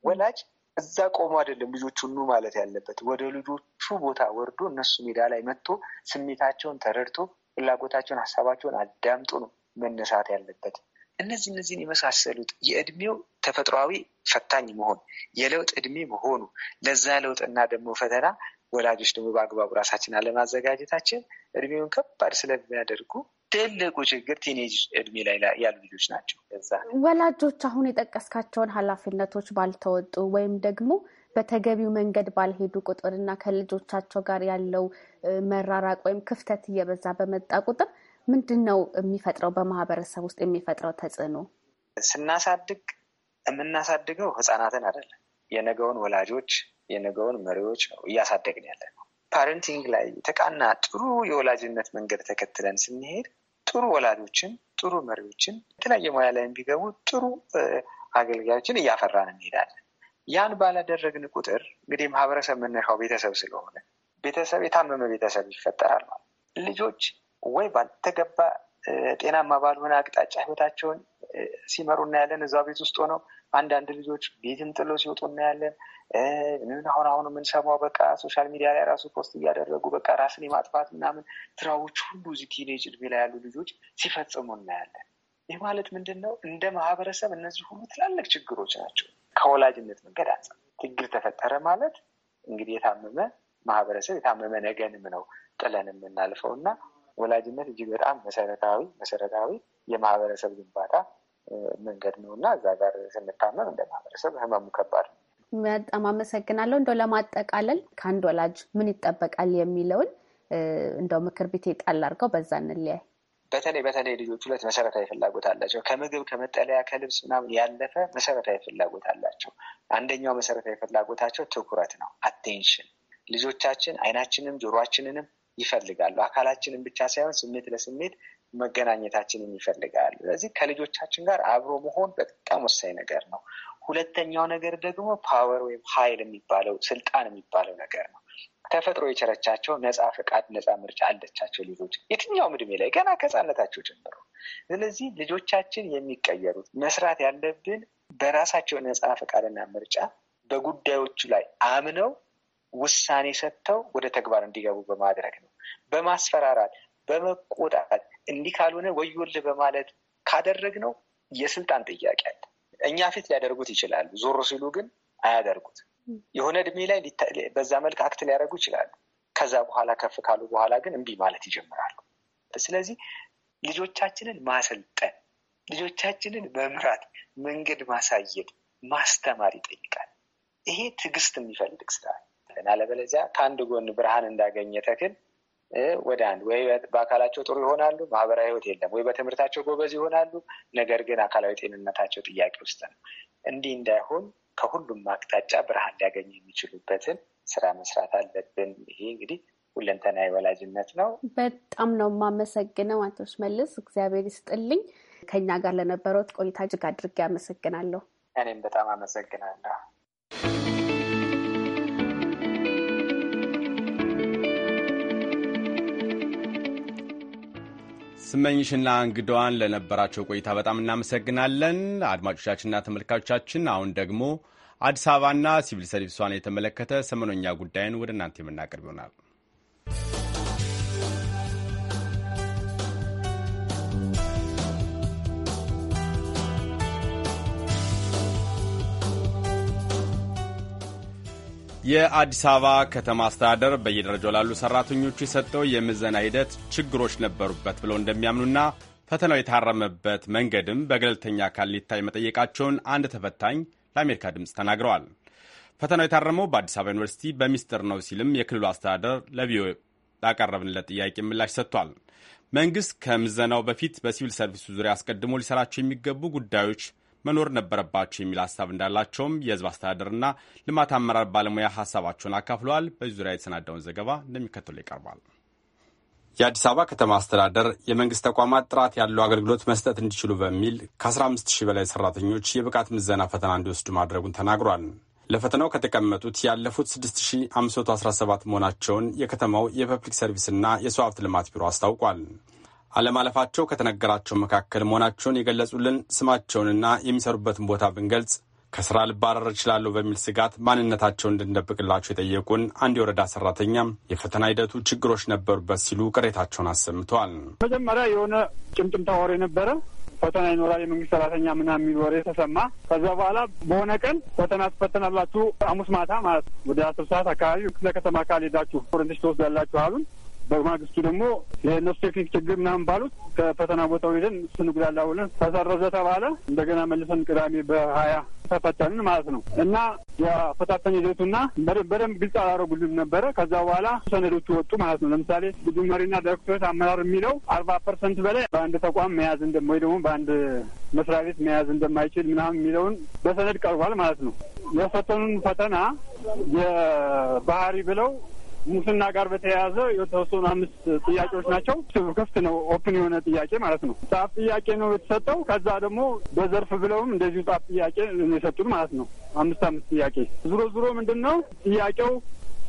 ወላጅ እዛ ቆሞ አይደለም ልጆቹ ኑ ማለት ያለበት፣ ወደ ልጆቹ ቦታ ወርዶ እነሱ ሜዳ ላይ መጥቶ ስሜታቸውን ተረድቶ ፍላጎታቸውን፣ ሀሳባቸውን አዳምጡ ነው መነሳት ያለበት። እነዚህ እነዚህን የመሳሰሉት የእድሜው ተፈጥሯዊ ፈታኝ መሆን የለውጥ እድሜ መሆኑ ለዛ ለውጥና ደግሞ ፈተና ወላጆች ደግሞ በአግባቡ ራሳችን አለማዘጋጀታችን እድሜውን ከባድ ስለሚያደርጉ ትልቁ ችግር ቲኔጅ እድሜ ላይ ያሉ ልጆች ናቸው። ወላጆች አሁን የጠቀስካቸውን ኃላፊነቶች ባልተወጡ ወይም ደግሞ በተገቢው መንገድ ባልሄዱ ቁጥር እና ከልጆቻቸው ጋር ያለው መራራቅ ወይም ክፍተት እየበዛ በመጣ ቁጥር ምንድን ነው የሚፈጥረው? በማህበረሰብ ውስጥ የሚፈጥረው ተጽዕኖ ስናሳድግ የምናሳድገው ህፃናትን አይደለም፣ የነገውን ወላጆች፣ የነገውን መሪዎች ነው እያሳደግን ያለ ነው። ፓረንቲንግ ላይ ተቃና ጥሩ የወላጅነት መንገድ ተከትለን ስንሄድ ጥሩ ወላጆችን፣ ጥሩ መሪዎችን፣ የተለያየ ሙያ ላይ ቢገቡ ጥሩ አገልጋዮችን እያፈራን እንሄዳለን። ያን ባላደረግን ቁጥር እንግዲህ ማህበረሰብ የምንለው ቤተሰብ ስለሆነ ቤተሰብ የታመመ ቤተሰብ ይፈጠራል ማለት ልጆች ወይ ባልተገባ ጤናማ ባልሆነ አቅጣጫ ህይወታቸውን ሲመሩ እናያለን። እዛ ቤት ውስጥ ሆነው አንዳንድ ልጆች ቤትን ጥሎ ሲወጡ እናያለን። ምን አሁን አሁን የምንሰማው በቃ ሶሻል ሚዲያ ላይ ራሱ ፖስት እያደረጉ በቃ ራስን የማጥፋት ምናምን ስራዎች ሁሉ እዚህ ቲኔጅ እድሜ ላይ ያሉ ልጆች ሲፈጽሙ እናያለን። ይህ ማለት ምንድን ነው? እንደ ማህበረሰብ እነዚህ ሁሉ ትላልቅ ችግሮች ናቸው። ከወላጅነት መንገድ አንጻር ችግር ተፈጠረ ማለት እንግዲህ የታመመ ማህበረሰብ የታመመ ነገንም ነው ጥለን የምናልፈው እና ወላጅነት እጅግ በጣም መሰረታዊ መሰረታዊ የማህበረሰብ ግንባታ መንገድ ነው እና እዛ ጋር ስንታመም እንደ ማህበረሰብ ህመሙ ከባድ ነው። በጣም አመሰግናለሁ። እንደው ለማጠቃለል ከአንድ ወላጅ ምን ይጠበቃል የሚለውን እንደው ምክር ቤት የጣል አድርገው በዛ እንለያይ። በተለይ በተለይ ልጆች ሁለት መሰረታዊ ፍላጎት አላቸው። ከምግብ ከመጠለያ፣ ከልብስ ምናምን ያለፈ መሰረታዊ ፍላጎት አላቸው። አንደኛው መሰረታዊ ፍላጎታቸው ትኩረት ነው፣ አቴንሽን። ልጆቻችን አይናችንም ጆሮአችንንም ይፈልጋሉ። አካላችንን ብቻ ሳይሆን ስሜት ለስሜት መገናኘታችንን ይፈልጋሉ። ስለዚህ ከልጆቻችን ጋር አብሮ መሆን በጣም ወሳኝ ነገር ነው። ሁለተኛው ነገር ደግሞ ፓወር ወይም ኃይል የሚባለው ስልጣን የሚባለው ነገር ነው። ተፈጥሮ የቸረቻቸው ነፃ ፍቃድ ነፃ ምርጫ አለቻቸው ልጆች የትኛውም እድሜ ላይ ገና ከህፃነታቸው ጀምሮ። ስለዚህ ልጆቻችን የሚቀየሩት መስራት ያለብን በራሳቸው ነፃ ፈቃድና ምርጫ በጉዳዮቹ ላይ አምነው ውሳኔ ሰጥተው ወደ ተግባር እንዲገቡ በማድረግ ነው። በማስፈራራት በመቆጣት እንዲህ ካልሆነ ወዮልህ በማለት ካደረግነው የስልጣን ጥያቄ አለ። እኛ ፊት ሊያደርጉት ይችላሉ። ዞሮ ሲሉ ግን አያደርጉትም። የሆነ እድሜ ላይ በዛ መልክ አክት ሊያደርጉ ይችላሉ። ከዛ በኋላ ከፍ ካሉ በኋላ ግን እምቢ ማለት ይጀምራሉ። ስለዚህ ልጆቻችንን ማሰልጠን፣ ልጆቻችንን መምራት፣ መንገድ ማሳየት፣ ማስተማር ይጠይቃል። ይሄ ትዕግስት የሚፈልግ ስራ አለበለዚያ ከአንድ ጎን ብርሃን እንዳገኘ ተክል ወደ አንድ ወይ በአካላቸው ጥሩ ይሆናሉ፣ ማህበራዊ ህይወት የለም፣ ወይ በትምህርታቸው ጎበዝ ይሆናሉ፣ ነገር ግን አካላዊ ጤንነታቸው ጥያቄ ውስጥ ነው። እንዲህ እንዳይሆን ከሁሉም አቅጣጫ ብርሃን ሊያገኙ የሚችሉበትን ስራ መስራት አለብን። ይሄ እንግዲህ ሁለንተና የወላጅነት ነው። በጣም ነው የማመሰግነው አቶ ሽመልስ፣ እግዚአብሔር ይስጥልኝ። ከኛ ጋር ለነበረው ቆይታ እጅግ አድርጌ አመሰግናለሁ። እኔም በጣም አመሰግናለሁ። ስመኝሽና እንግዳዋን ለነበራቸው ቆይታ በጣም እናመሰግናለን። አድማጮቻችንና ተመልካቾቻችን አሁን ደግሞ አዲስ አበባና ሲቪል ሰርቪሷን የተመለከተ ሰሞነኛ ጉዳይን ወደ እናንተ የምናቀርብ ይሆናል። የአዲስ አበባ ከተማ አስተዳደር በየደረጃው ላሉ ሰራተኞቹ የሰጠው የምዘና ሂደት ችግሮች ነበሩበት ብለው እንደሚያምኑና ፈተናው የታረመበት መንገድም በገለልተኛ አካል ሊታይ መጠየቃቸውን አንድ ተፈታኝ ለአሜሪካ ድምፅ ተናግረዋል። ፈተናው የታረመው በአዲስ አበባ ዩኒቨርሲቲ በሚስጥር ነው ሲልም የክልሉ አስተዳደር ለቪዮ ላቀረብንለት ጥያቄ ምላሽ ሰጥቷል። መንግሥት ከምዘናው በፊት በሲቪል ሰርቪሱ ዙሪያ አስቀድሞ ሊሰራቸው የሚገቡ ጉዳዮች መኖር ነበረባቸው የሚል ሀሳብ እንዳላቸውም የህዝብ አስተዳደርና ልማት አመራር ባለሙያ ሀሳባቸውን አካፍለዋል። በዚህ ዙሪያ የተሰናዳውን ዘገባ እንደሚከተለው ይቀርባል። የአዲስ አበባ ከተማ አስተዳደር የመንግስት ተቋማት ጥራት ያለው አገልግሎት መስጠት እንዲችሉ በሚል ከ15 ሺህ በላይ ሰራተኞች የብቃት ምዘና ፈተና እንዲወስዱ ማድረጉን ተናግሯል። ለፈተናው ከተቀመጡት ያለፉት 6517 መሆናቸውን የከተማው የፐብሊክ ሰርቪስና የሰው ሀብት ልማት ቢሮ አስታውቋል። አለማለፋቸው ከተነገራቸው መካከል መሆናቸውን የገለጹልን ስማቸውንና የሚሰሩበትን ቦታ ብንገልጽ ከስራ ልባረር እችላለሁ በሚል ስጋት ማንነታቸውን እንድንደብቅላቸው የጠየቁን አንድ የወረዳ ሰራተኛ የፈተና ሂደቱ ችግሮች ነበሩበት ሲሉ ቅሬታቸውን አሰምተዋል። መጀመሪያ የሆነ ጭምጭምታ ወሬ ነበረ ፈተና ይኖራል የመንግስት ሰራተኛ ምናምን የሚል ወሬ ተሰማ። ከዛ በኋላ በሆነ ቀን ፈተና ትፈተናላችሁ ሐሙስ ማታ ማለት ወደ አስር ሰዓት አካባቢ ክፍለ ከተማ አካል ሄዳችሁ ኦሬንቴሽን ትወስዳላችሁ አሉን። በማግስቱ ደግሞ የነሱ ቴክኒክ ችግር ምናምን ባሉት ከፈተና ቦታው ሄደን ስንጉዳላ ውለን ተሰረዘ ተባለ። እንደገና መልሰን ቅዳሜ በሀያ ተፈተንን ማለት ነው። እና የፈታተን ሂደቱና በደንብ ግልጽ አላረጉልም ነበረ። ከዛ በኋላ ሰነዶቹ ወጡ ማለት ነው። ለምሳሌ ቡድን መሪና ዳይሬክቶሬት አመራር የሚለው አርባ ፐርሰንት በላይ በአንድ ተቋም መያዝ ወይ ደግሞ በአንድ መስሪያ ቤት መያዝ እንደማይችል ምናምን የሚለውን በሰነድ ቀርቧል ማለት ነው። የፈተኑን ፈተና የባህሪ ብለው ሙስና ጋር በተያያዘ የተወሰኑ አምስት ጥያቄዎች ናቸው። ክፍት ነው፣ ኦፕን የሆነ ጥያቄ ማለት ነው። ጻፍ ጥያቄ ነው የተሰጠው። ከዛ ደግሞ በዘርፍ ብለውም እንደዚሁ ጻፍ ጥያቄ የሰጡን ማለት ነው። አምስት አምስት ጥያቄ ዙሮ ዙሮ ምንድን ነው ጥያቄው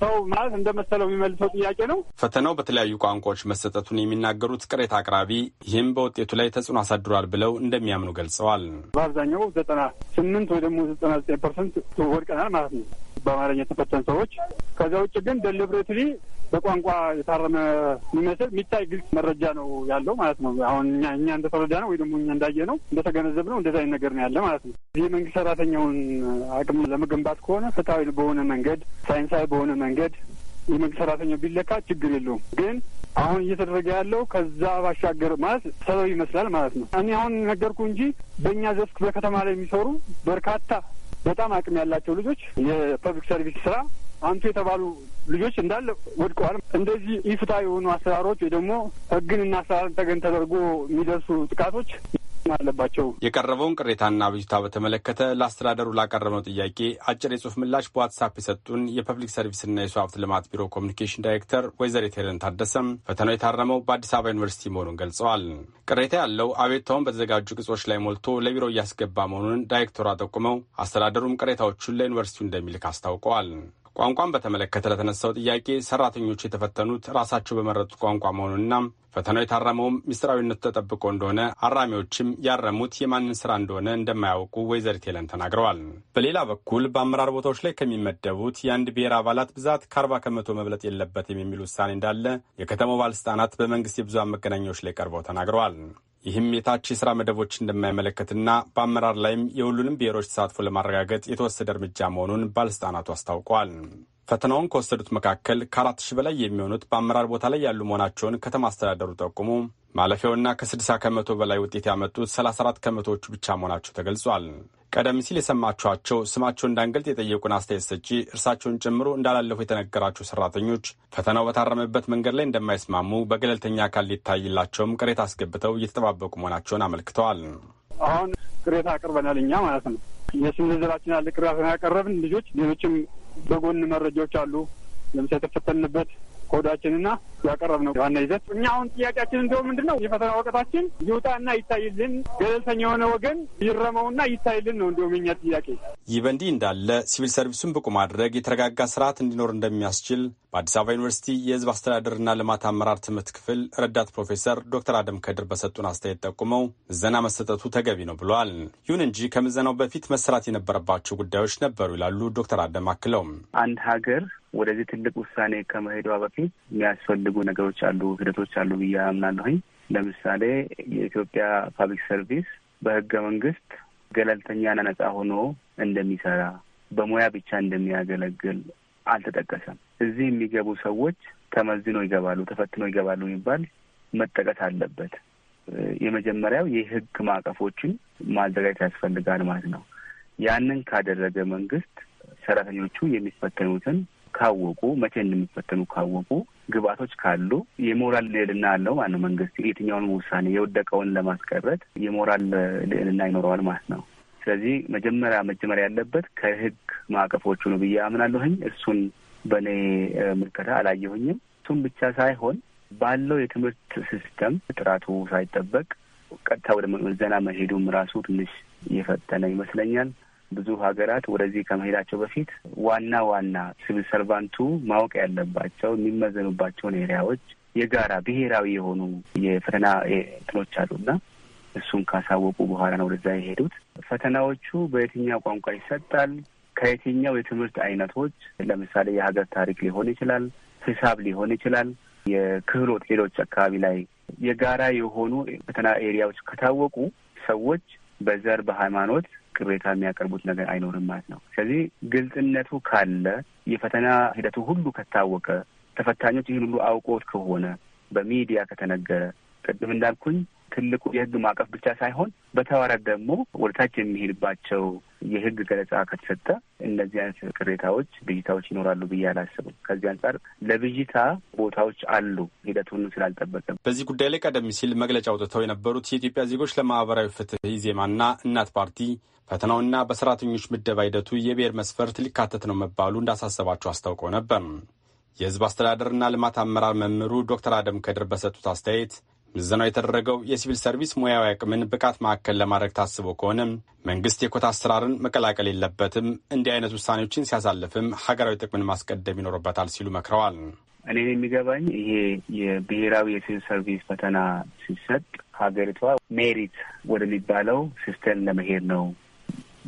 ሰው ማለት እንደመሰለው የሚመልሰው ጥያቄ ነው። ፈተናው በተለያዩ ቋንቋዎች መሰጠቱን የሚናገሩት ቅሬታ አቅራቢ ይህም በውጤቱ ላይ ተጽዕኖ አሳድሯል ብለው እንደሚያምኑ ገልጸዋል። በአብዛኛው ዘጠና ስምንት ወይ ደግሞ ዘጠና ዘጠኝ ፐርሰንት ወድቀናል ማለት ነው በአማርኛ የተፈተን ሰዎች። ከዚያ ውጭ ግን ደሊብሬትሊ በቋንቋ የታረመ የሚመስል የሚታይ ግልጽ መረጃ ነው ያለው ማለት ነው። አሁን እኛ እኛ እንደተረዳ ነው ወይ ደግሞ እኛ እንዳየ ነው እንደተገነዘብ ነው እንደዛ ነገር ነው ያለ ማለት ነው። የመንግስት ሰራተኛውን አቅም ለመገንባት ከሆነ ፍትሐዊ በሆነ መንገድ ሳይንሳዊ በሆነ መንገድ መንገድ የመንግስት ሰራተኛው ቢለካ ችግር የለውም ግን አሁን እየተደረገ ያለው ከዛ ባሻገር ማለት ሰበብ ይመስላል ማለት ነው። እኔ አሁን ነገርኩ እንጂ በእኛ ዘስክ በከተማ ላይ የሚሰሩ በርካታ በጣም አቅም ያላቸው ልጆች የፐብሊክ ሰርቪስ ስራ አንቱ የተባሉ ልጆች እንዳለ ወድቀዋል። እንደዚህ ኢፍታ የሆኑ አሰራሮች ወይ ደግሞ ህግንና አሰራርን ተገን ተደርጎ የሚደርሱ ጥቃቶች አለባቸው። የቀረበውን ቅሬታና ብጅታ በተመለከተ ለአስተዳደሩ ላቀረብነው ጥያቄ አጭር የጽሁፍ ምላሽ በዋትሳፕ የሰጡን የፐብሊክ ሰርቪስና የሰው ሀብት ልማት ቢሮ ኮሚኒኬሽን ዳይሬክተር ወይዘሪት ሄለን ታደሰም ፈተናው የታረመው በአዲስ አበባ ዩኒቨርሲቲ መሆኑን ገልጸዋል። ቅሬታ ያለው አቤቱታውን በተዘጋጁ ቅጾች ላይ ሞልቶ ለቢሮ እያስገባ መሆኑን ዳይሬክተሯ ጠቁመው አስተዳደሩም ቅሬታዎቹን ለዩኒቨርሲቲው እንደሚልክ አስታውቀዋል። ቋንቋን በተመለከተ ለተነሳው ጥያቄ ሰራተኞቹ የተፈተኑት ራሳቸው በመረጡት ቋንቋ መሆኑንና ፈተናው የታረመውም ምስጢራዊነቱ ተጠብቆ እንደሆነ አራሚዎችም ያረሙት የማንን ስራ እንደሆነ እንደማያውቁ ወይዘሪት ሄለን ተናግረዋል። በሌላ በኩል በአመራር ቦታዎች ላይ ከሚመደቡት የአንድ ብሔር አባላት ብዛት ከአርባ ከመቶ መብለጥ የለበትም የሚል ውሳኔ እንዳለ የከተማው ባለስልጣናት በመንግስት የብዙሃን መገናኛዎች ላይ ቀርበው ተናግረዋል። ይህም የታች የስራ መደቦች እንደማይመለከትና በአመራር ላይም የሁሉንም ብሔሮች ተሳትፎ ለማረጋገጥ የተወሰደ እርምጃ መሆኑን ባለስልጣናቱ አስታውቀዋል። ፈተናውን ከወሰዱት መካከል ከአራት ሺህ በላይ የሚሆኑት በአመራር ቦታ ላይ ያሉ መሆናቸውን ከተማ አስተዳደሩ ጠቁሞ ማለፊያውና ከ60 ከመቶ በላይ ውጤት ያመጡት 34 ከመቶዎቹ ብቻ መሆናቸው ተገልጿል። ቀደም ሲል የሰማችኋቸው ስማቸውን እንዳንገልጥ የጠየቁን አስተያየት ሰጪ እርሳቸውን ጨምሮ እንዳላለፉ የተነገራቸው ሰራተኞች ፈተናው በታረመበት መንገድ ላይ እንደማይስማሙ በገለልተኛ አካል ሊታይላቸውም ቅሬታ አስገብተው እየተጠባበቁ መሆናቸውን አመልክተዋል። አሁን ቅሬታ አቅርበናል እኛ ማለት ነው የስም ዝርዝራችን ያለ ቅሬታ ያቀረብን ልጆች ሌሎችም በጎን መረጃዎች አሉ። ለምሳሌ የተፈተንበት ኮዳችንና ያቀረብነው ዋና ይዘት እኛ አሁን ጥያቄያችን እንደው ምንድን ነው የፈተና ወቀታችን ይውጣና ይታይልን፣ ገለልተኛ የሆነ ወገን ይረመውና ይታይልን ነው እንዲሁም የኛ ጥያቄ። ይህ በእንዲህ እንዳለ ሲቪል ሰርቪሱን ብቁ ማድረግ የተረጋጋ ስርዓት እንዲኖር እንደሚያስችል በአዲስ አበባ ዩኒቨርሲቲ የህዝብ አስተዳደርና ልማት አመራር ትምህርት ክፍል ረዳት ፕሮፌሰር ዶክተር አደም ከድር በሰጡን አስተያየት ጠቁመው ምዘና መሰጠቱ ተገቢ ነው ብለዋል። ይሁን እንጂ ከምዘናው በፊት መሰራት የነበረባቸው ጉዳዮች ነበሩ ይላሉ ዶክተር አደም አክለውም አንድ ሀገር ወደዚህ ትልቅ ውሳኔ ከመሄዷ በፊት የሚያስፈልጉ ነገሮች አሉ፣ ሂደቶች አሉ ብዬ አምናለሁኝ። ለምሳሌ የኢትዮጵያ ፓብሊክ ሰርቪስ በህገ መንግስት ገለልተኛና ነጻ ሆኖ እንደሚሰራ በሙያ ብቻ እንደሚያገለግል አልተጠቀሰም። እዚህ የሚገቡ ሰዎች ተመዝኖ ይገባሉ፣ ተፈትኖ ይገባሉ የሚባል መጠቀስ አለበት። የመጀመሪያው የህግ ማዕቀፎችን ማዘጋጀት ያስፈልጋል ማለት ነው። ያንን ካደረገ መንግስት ሰራተኞቹ የሚፈተኑትን ካወቁ፣ መቼ እንደሚፈተኑ ካወቁ፣ ግብአቶች ካሉ የሞራል ልዕልና አለው ማለት ነው። መንግስት የትኛውን ውሳኔ የወደቀውን ለማስቀረት የሞራል ልዕልና ይኖረዋል ማለት ነው። ስለዚህ መጀመሪያ መጀመር ያለበት ከህግ ማዕቀፎቹ ነው ብዬ አምናለሁኝ። እሱን በእኔ ምልከታ አላየሁኝም። እሱም ብቻ ሳይሆን ባለው የትምህርት ሲስተም ጥራቱ ሳይጠበቅ ቀጥታ ወደ መዘና መሄዱም ራሱ ትንሽ እየፈተነ ይመስለኛል። ብዙ ሀገራት ወደዚህ ከመሄዳቸው በፊት ዋና ዋና ሲቪል ሰርቫንቱ ማወቅ ያለባቸው የሚመዘኑባቸውን ኤሪያዎች የጋራ ብሔራዊ የሆኑ የፈተና እንትኖች አሉና እሱን ካሳወቁ በኋላ ነው ወደዛ የሄዱት። ፈተናዎቹ በየትኛው ቋንቋ ይሰጣል? ከየትኛው የትምህርት አይነቶች? ለምሳሌ የሀገር ታሪክ ሊሆን ይችላል፣ ሂሳብ ሊሆን ይችላል፣ የክህሎት ሌሎች አካባቢ ላይ የጋራ የሆኑ ፈተና ኤሪያዎች ከታወቁ ሰዎች በዘር በሃይማኖት ቅሬታ የሚያቀርቡት ነገር አይኖርም ማለት ነው። ስለዚህ ግልጽነቱ ካለ የፈተና ሂደቱ ሁሉ ከታወቀ ተፈታኞች ይህን ሁሉ አውቆት ከሆነ በሚዲያ ከተነገረ ቅድም እንዳልኩኝ ትልቁ የህግ ማዕቀፍ ብቻ ሳይሆን በተዋረድ ደግሞ ወደታች የሚሄድባቸው የህግ ገለጻ ከተሰጠ እነዚህ አይነት ቅሬታዎች፣ ብዥታዎች ይኖራሉ ብዬ አላስብም። ከዚህ አንጻር ለብዥታ ቦታዎች አሉ ሂደቱን ስላልጠበቀ። በዚህ ጉዳይ ላይ ቀደም ሲል መግለጫ አውጥተው የነበሩት የኢትዮጵያ ዜጎች ለማህበራዊ ፍትህ ኢዜማና እናት ፓርቲ ፈተናውና በሰራተኞች ምደባ ሂደቱ የብሔር መስፈርት ሊካተት ነው መባሉ እንዳሳሰባቸው አስታውቀው ነበር። የህዝብ አስተዳደርና ልማት አመራር መምህሩ ዶክተር አደም ከድር በሰጡት አስተያየት ምዘናው የተደረገው የሲቪል ሰርቪስ ሙያዊ አቅምን ብቃት ማዕከል ለማድረግ ታስቦ ከሆነም መንግስት የኮታ አሰራርን መቀላቀል የለበትም፣ እንዲህ አይነት ውሳኔዎችን ሲያሳልፍም ሀገራዊ ጥቅምን ማስቀደም ይኖርበታል ሲሉ መክረዋል። እኔ የሚገባኝ ይሄ የብሔራዊ የሲቪል ሰርቪስ ፈተና ሲሰጥ ሀገሪቷ ሜሪት ወደሚባለው ሲስተም ለመሄድ ነው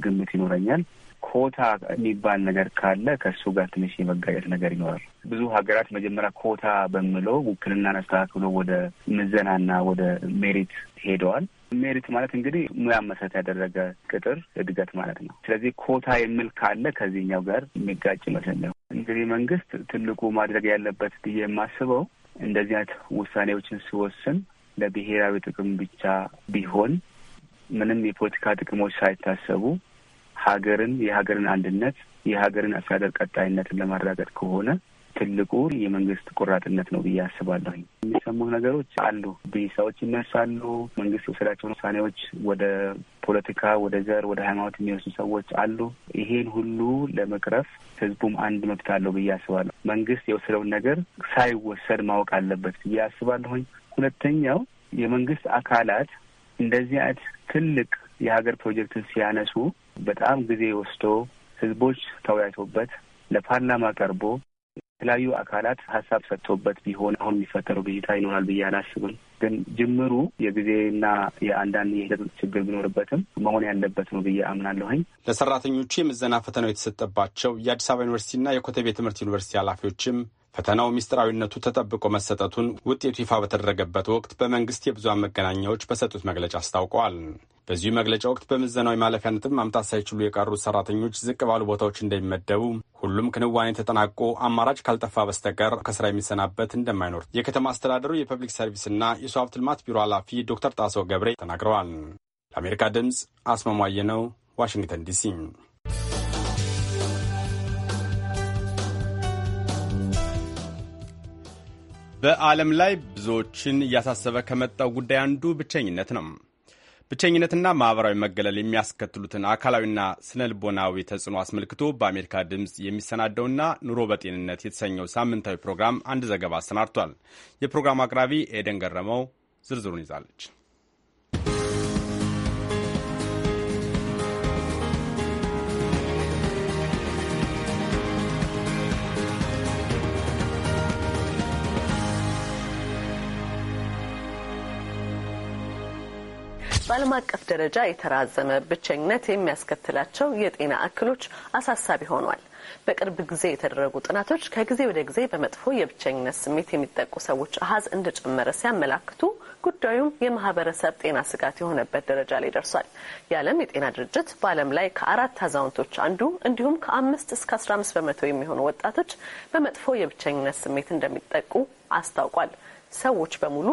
ግምት ይኖረኛል። ኮታ የሚባል ነገር ካለ ከእሱ ጋር ትንሽ የመጋጨት ነገር ይኖራል። ብዙ ሀገራት መጀመሪያ ኮታ በምለው ውክልናን አስተካክሎ ወደ ምዘናና ወደ ሜሪት ሄደዋል። ሜሪት ማለት እንግዲህ ሙያ መሰረት ያደረገ ቅጥር እድገት ማለት ነው። ስለዚህ ኮታ የሚል ካለ ከዚህኛው ጋር የሚጋጭ ይመስለኛል። እንግዲህ መንግስት ትልቁ ማድረግ ያለበት ብዬ የማስበው እንደዚህ አይነት ውሳኔዎችን ሲወስን ለብሔራዊ ጥቅም ብቻ ቢሆን ምንም የፖለቲካ ጥቅሞች ሳይታሰቡ ሀገርን፣ የሀገርን አንድነት፣ የሀገርን አስተዳደር ቀጣይነትን ለማረጋገጥ ከሆነ ትልቁ የመንግስት ቆራጥነት ነው ብዬ አስባለሁኝ። የሚሰሙ ነገሮች አሉ፣ ብሂሳዎች ይነሳሉ። መንግስት የወሰዳቸውን ውሳኔዎች ወደ ፖለቲካ፣ ወደ ዘር፣ ወደ ሃይማኖት የሚወስዱ ሰዎች አሉ። ይሄን ሁሉ ለመቅረፍ ህዝቡም አንድ መብት አለው ብዬ አስባለሁ። መንግስት የወሰደውን ነገር ሳይወሰድ ማወቅ አለበት ብዬ አስባለሁኝ። ሁለተኛው የመንግስት አካላት እንደዚህ አይነት ትልቅ የሀገር ፕሮጀክትን ሲያነሱ በጣም ጊዜ ወስዶ ህዝቦች ተወያይቶበት ለፓርላማ ቀርቦ የተለያዩ አካላት ሀሳብ ሰጥቶበት ቢሆን አሁን የሚፈጠረው ብዥታ ይኖራል ብዬ አላስብም። ግን ጅምሩ የጊዜና የአንዳንድ የሂደት ችግር ቢኖርበትም መሆን ያለበት ነው ብዬ አምናለሁኝ። ለሰራተኞቹ የምዘና ፈተናው የተሰጠባቸው የአዲስ አበባ ዩኒቨርሲቲና የኮተቤ ትምህርት ዩኒቨርሲቲ ኃላፊዎችም ፈተናው ሚስጥራዊነቱ ተጠብቆ መሰጠቱን ውጤቱ ይፋ በተደረገበት ወቅት በመንግስት የብዙሃን መገናኛዎች በሰጡት መግለጫ አስታውቀዋል። በዚሁ መግለጫ ወቅት በምዘናዊ ማለፊያ ነጥብ ማምጣት ሳይችሉ የቀሩት ሰራተኞች ዝቅ ባሉ ቦታዎች እንደሚመደቡ፣ ሁሉም ክንዋኔ ተጠናቆ አማራጭ ካልጠፋ በስተቀር ከስራ የሚሰናበት እንደማይኖር የከተማ አስተዳደሩ የፐብሊክ ሰርቪስና የሰው ሀብት ልማት ቢሮ ኃላፊ ዶክተር ጣሰው ገብሬ ተናግረዋል። ለአሜሪካ ድምፅ አስማማየ ነው፣ ዋሽንግተን ዲሲ በዓለም ላይ ብዙዎችን እያሳሰበ ከመጣው ጉዳይ አንዱ ብቸኝነት ነው። ብቸኝነትና ማኅበራዊ መገለል የሚያስከትሉትን አካላዊና ስነ ልቦናዊ ተጽዕኖ አስመልክቶ በአሜሪካ ድምፅ የሚሰናደውና ኑሮ በጤንነት የተሰኘው ሳምንታዊ ፕሮግራም አንድ ዘገባ አሰናድቷል። የፕሮግራሙ አቅራቢ ኤደን ገረመው ዝርዝሩን ይዛለች። በዓለም አቀፍ ደረጃ የተራዘመ ብቸኝነት የሚያስከትላቸው የጤና እክሎች አሳሳቢ ሆኗል። በቅርብ ጊዜ የተደረጉ ጥናቶች ከጊዜ ወደ ጊዜ በመጥፎ የብቸኝነት ስሜት የሚጠቁ ሰዎች አሀዝ እንደጨመረ ሲያመላክቱ ጉዳዩም የማህበረሰብ ጤና ስጋት የሆነበት ደረጃ ላይ ደርሷል። የዓለም የጤና ድርጅት በዓለም ላይ ከአራት አዛውንቶች አንዱ እንዲሁም ከአምስት እስከ አስራ አምስት በመቶ የሚሆኑ ወጣቶች በመጥፎ የብቸኝነት ስሜት እንደሚጠቁ አስታውቋል። ሰዎች በሙሉ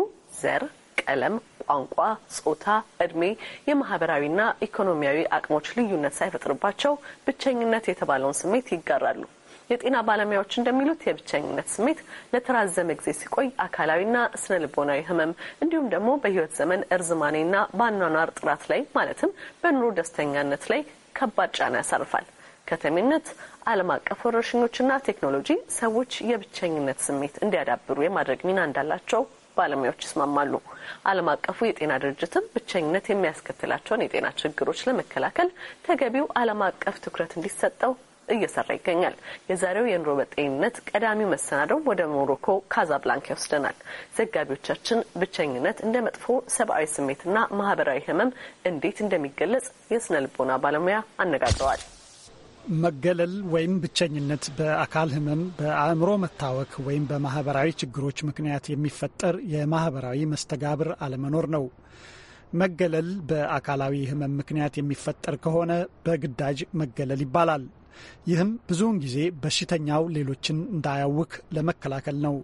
ዘር፣ ቀለም፣ ቋንቋ፣ ጾታ፣ እድሜ፣ የማህበራዊና ኢኮኖሚያዊ አቅሞች ልዩነት ሳይፈጥርባቸው ብቸኝነት የተባለውን ስሜት ይጋራሉ። የጤና ባለሙያዎች እንደሚሉት የብቸኝነት ስሜት ለተራዘመ ጊዜ ሲቆይ አካላዊና ስነ ልቦናዊ ህመም እንዲሁም ደግሞ በህይወት ዘመን እርዝማኔና በአኗኗር ጥራት ላይ ማለትም በኑሮ ደስተኛነት ላይ ከባድ ጫና ያሳርፋል። ከተሜነት፣ ዓለም አቀፍ ወረርሽኞችና ቴክኖሎጂ ሰዎች የብቸኝነት ስሜት እንዲያዳብሩ የማድረግ ሚና እንዳላቸው ባለሙያዎች ይስማማሉ። ዓለም አቀፉ የጤና ድርጅትም ብቸኝነት የሚያስከትላቸውን የጤና ችግሮች ለመከላከል ተገቢው ዓለም አቀፍ ትኩረት እንዲሰጠው እየሰራ ይገኛል። የዛሬው የኑሮ በጤንነት ቀዳሚው መሰናደው ወደ ሞሮኮ ካዛብላንካ ይወስደናል። ዘጋቢዎቻችን ብቸኝነት እንደ መጥፎ ሰብአዊ ስሜትና ማህበራዊ ህመም እንዴት እንደሚገለጽ የስነ ልቦና ባለሙያ አነጋግረዋል። መገለል ወይም ብቸኝነት በአካል ህመም፣ በአእምሮ መታወክ ወይም በማህበራዊ ችግሮች ምክንያት የሚፈጠር የማህበራዊ መስተጋብር አለመኖር ነው። መገለል በአካላዊ ህመም ምክንያት የሚፈጠር ከሆነ በግዳጅ መገለል ይባላል። ይህም ብዙውን ጊዜ በሽተኛው ሌሎችን እንዳያውክ ለመከላከል ነው።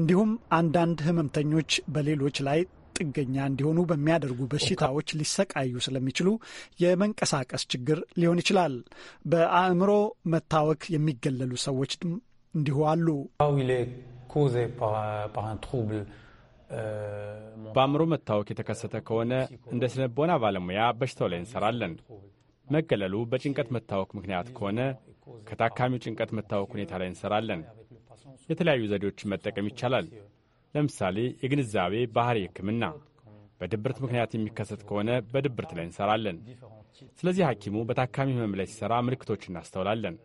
እንዲሁም አንዳንድ ህመምተኞች በሌሎች ላይ ጥገኛ እንዲሆኑ በሚያደርጉ በሽታዎች ሊሰቃዩ ስለሚችሉ የመንቀሳቀስ ችግር ሊሆን ይችላል። በአእምሮ መታወክ የሚገለሉ ሰዎች እንዲሁ አሉ። በአእምሮ መታወክ የተከሰተ ከሆነ እንደ ስነቦና ባለሙያ በሽታው ላይ እንሰራለን። መገለሉ በጭንቀት መታወክ ምክንያት ከሆነ ከታካሚው ጭንቀት መታወክ ሁኔታ ላይ እንሰራለን። የተለያዩ ዘዴዎችን መጠቀም ይቻላል። ለምሳሌ የግንዛቤ ባህሪ ሕክምና፣ በድብርት ምክንያት የሚከሰት ከሆነ በድብርት ላይ እንሰራለን። ስለዚህ ሐኪሙ በታካሚ ህመም ላይ ሲሠራ ምልክቶች እናስተውላለን።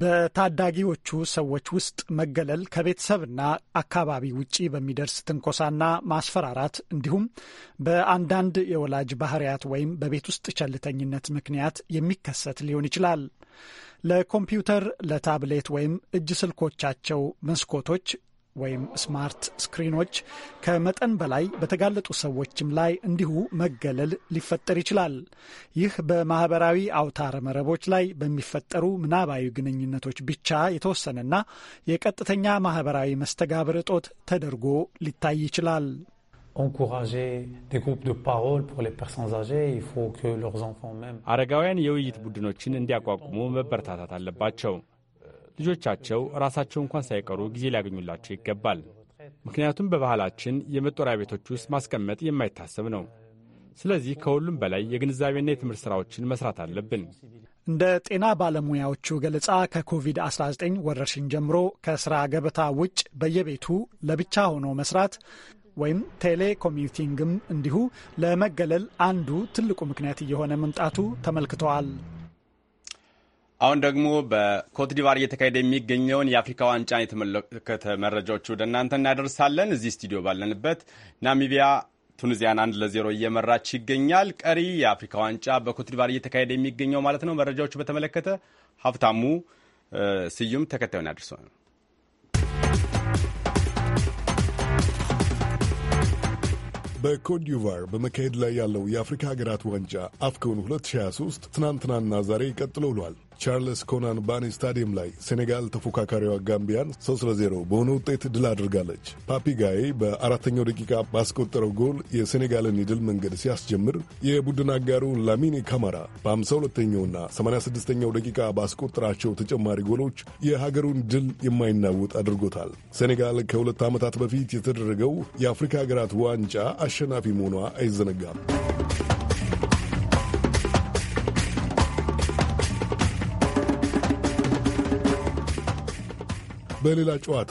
በታዳጊዎቹ ሰዎች ውስጥ መገለል ከቤተሰብና አካባቢ ውጪ በሚደርስ ትንኮሳና ማስፈራራት እንዲሁም በአንዳንድ የወላጅ ባህሪያት ወይም በቤት ውስጥ ቸልተኝነት ምክንያት የሚከሰት ሊሆን ይችላል። ለኮምፒውተር፣ ለታብሌት ወይም እጅ ስልኮቻቸው መስኮቶች ወይም ስማርት ስክሪኖች ከመጠን በላይ በተጋለጡ ሰዎችም ላይ እንዲሁ መገለል ሊፈጠር ይችላል። ይህ በማህበራዊ አውታረ መረቦች ላይ በሚፈጠሩ ምናባዊ ግንኙነቶች ብቻ የተወሰነና የቀጥተኛ ማህበራዊ መስተጋብር እጦት ተደርጎ ሊታይ ይችላል። አረጋውያን የውይይት ቡድኖችን እንዲያቋቁሙ መበረታታት አለባቸው። ልጆቻቸው ራሳቸው እንኳን ሳይቀሩ ጊዜ ሊያገኙላቸው ይገባል። ምክንያቱም በባህላችን የመጦሪያ ቤቶች ውስጥ ማስቀመጥ የማይታሰብ ነው። ስለዚህ ከሁሉም በላይ የግንዛቤና የትምህርት ሥራዎችን መስራት አለብን። እንደ ጤና ባለሙያዎቹ ገለጻ ከኮቪድ-19 ወረርሽኝ ጀምሮ ከስራ ገበታ ውጭ በየቤቱ ለብቻ ሆኖ መስራት ወይም ቴሌኮሚቲንግም እንዲሁ ለመገለል አንዱ ትልቁ ምክንያት እየሆነ መምጣቱ ተመልክተዋል። አሁን ደግሞ በኮትዲቫር እየተካሄደ የሚገኘውን የአፍሪካ ዋንጫን የተመለከተ መረጃዎች ወደ እናንተ እናደርሳለን። እዚህ ስቱዲዮ ባለንበት ናሚቢያ ቱኒዚያን አንድ ለዜሮ እየመራች ይገኛል። ቀሪ የአፍሪካ ዋንጫ በኮትዲቫር እየተካሄደ የሚገኘው ማለት ነው። መረጃዎቹ በተመለከተ ሀብታሙ ስዩም ተከታዩን ያደርሰዋል። በኮትዲቫር በመካሄድ ላይ ያለው የአፍሪካ ሀገራት ዋንጫ አፍከውን 2023 ትናንትናና ዛሬ ቀጥሎ ውሏል። ቻርልስ ኮናን ባኒ ስታዲየም ላይ ሴኔጋል ተፎካካሪዋ ጋምቢያን 3 ለ0 በሆነ ውጤት ድል አድርጋለች። ፓፒጋዬ በአራተኛው ደቂቃ ባስቆጠረው ጎል የሴኔጋልን የድል መንገድ ሲያስጀምር የቡድን አጋሩ ላሚኒ ካማራ በ52ኛውና 86ኛው ደቂቃ ባስቆጠራቸው ተጨማሪ ጎሎች የሀገሩን ድል የማይናወጥ አድርጎታል። ሴኔጋል ከሁለት ዓመታት በፊት የተደረገው የአፍሪካ ሀገራት ዋንጫ አሸናፊ መሆኗ አይዘነጋም። በሌላ ጨዋታ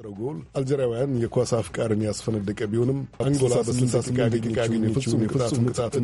የተቆጠረው ጎል አልጀሪያውያን የኳስ አፍቃርን ያስፈነደቀ ቢሆንም አንጎላ በ68 ደቂቃ የፍጹም ቅጣት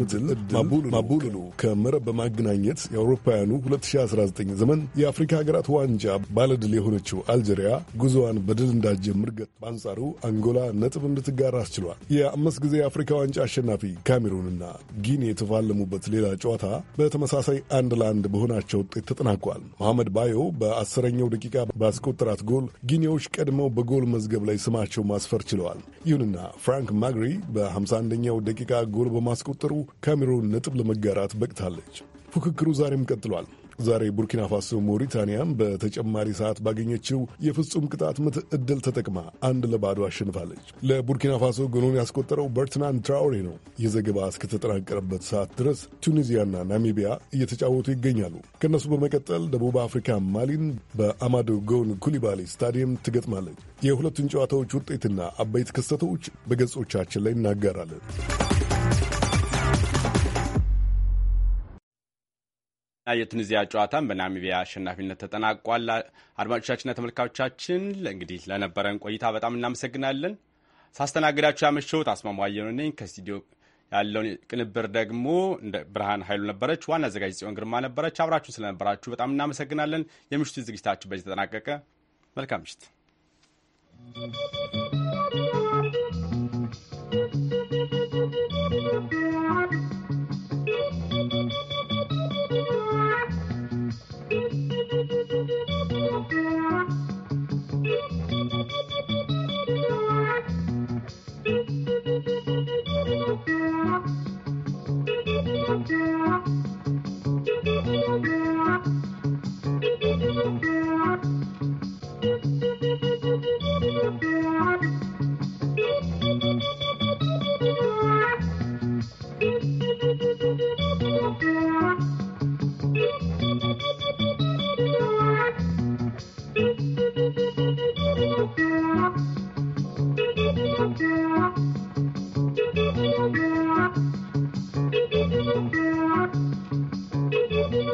ማቡልሉ ከመረብ በማገናኘት የአውሮፓውያኑ 2019 ዘመን የአፍሪካ ሀገራት ዋንጫ ባለድል የሆነችው አልጀሪያ ጉዞዋን በድል እንዳትጀምር ገጥ በአንጻሩ አንጎላ ነጥብ እንድትጋራ አስችሏል። የአምስት ጊዜ የአፍሪካ ዋንጫ አሸናፊ ካሜሩንና ጊኒ የተፋለሙበት ሌላ ጨዋታ በተመሳሳይ አንድ ለአንድ በሆናቸው ውጤት ተጠናቋል። መሐመድ ባዮ በአስረኛው ደቂቃ ባስቆጠራት ጎል ጊኒዎች ቀድመው በ በጎል መዝገብ ላይ ስማቸው ማስፈር ችለዋል። ይሁንና ፍራንክ ማግሪ በ51ኛው ደቂቃ ጎል በማስቆጠሩ ካሜሩን ነጥብ ለመጋራት በቅታለች። ፉክክሩ ዛሬም ቀጥሏል። ዛሬ ቡርኪና ፋሶ ሞሪታንያም በተጨማሪ ሰዓት ባገኘችው የፍጹም ቅጣት ምት እድል ተጠቅማ አንድ ለባዶ አሸንፋለች። ለቡርኪና ፋሶ ጎሎን ያስቆጠረው በርትናን ትራውሬ ነው። የዘገባ እስከተጠናቀረበት ሰዓት ድረስ ቱኒዚያና ናሚቢያ እየተጫወቱ ይገኛሉ። ከእነሱ በመቀጠል ደቡብ አፍሪካ ማሊን በአማዶ ጎን ኩሊባሊ ስታዲየም ትገጥማለች። የሁለቱን ጨዋታዎች ውጤትና አበይት ክስተቶች በገጾቻችን ላይ እናጋራለን። የቱኒዚያ ጨዋታን በናሚቢያ አሸናፊነት ተጠናቋል። አድማጮቻችንና ተመልካቾቻችን እንግዲህ ለነበረን ቆይታ በጣም እናመሰግናለን። ሳስተናግዳችሁ ያመሸሁት አስማማየሁ ነኝ። ከስቱዲዮ ያለውን ቅንብር ደግሞ እንደ ብርሃን ኃይሉ ነበረች። ዋና አዘጋጅ ጽዮን ግርማ ነበረች። አብራችሁን ስለነበራችሁ በጣም እናመሰግናለን። የምሽቱ ዝግጅታችን በዚህ ተጠናቀቀ። መልካም ምሽት።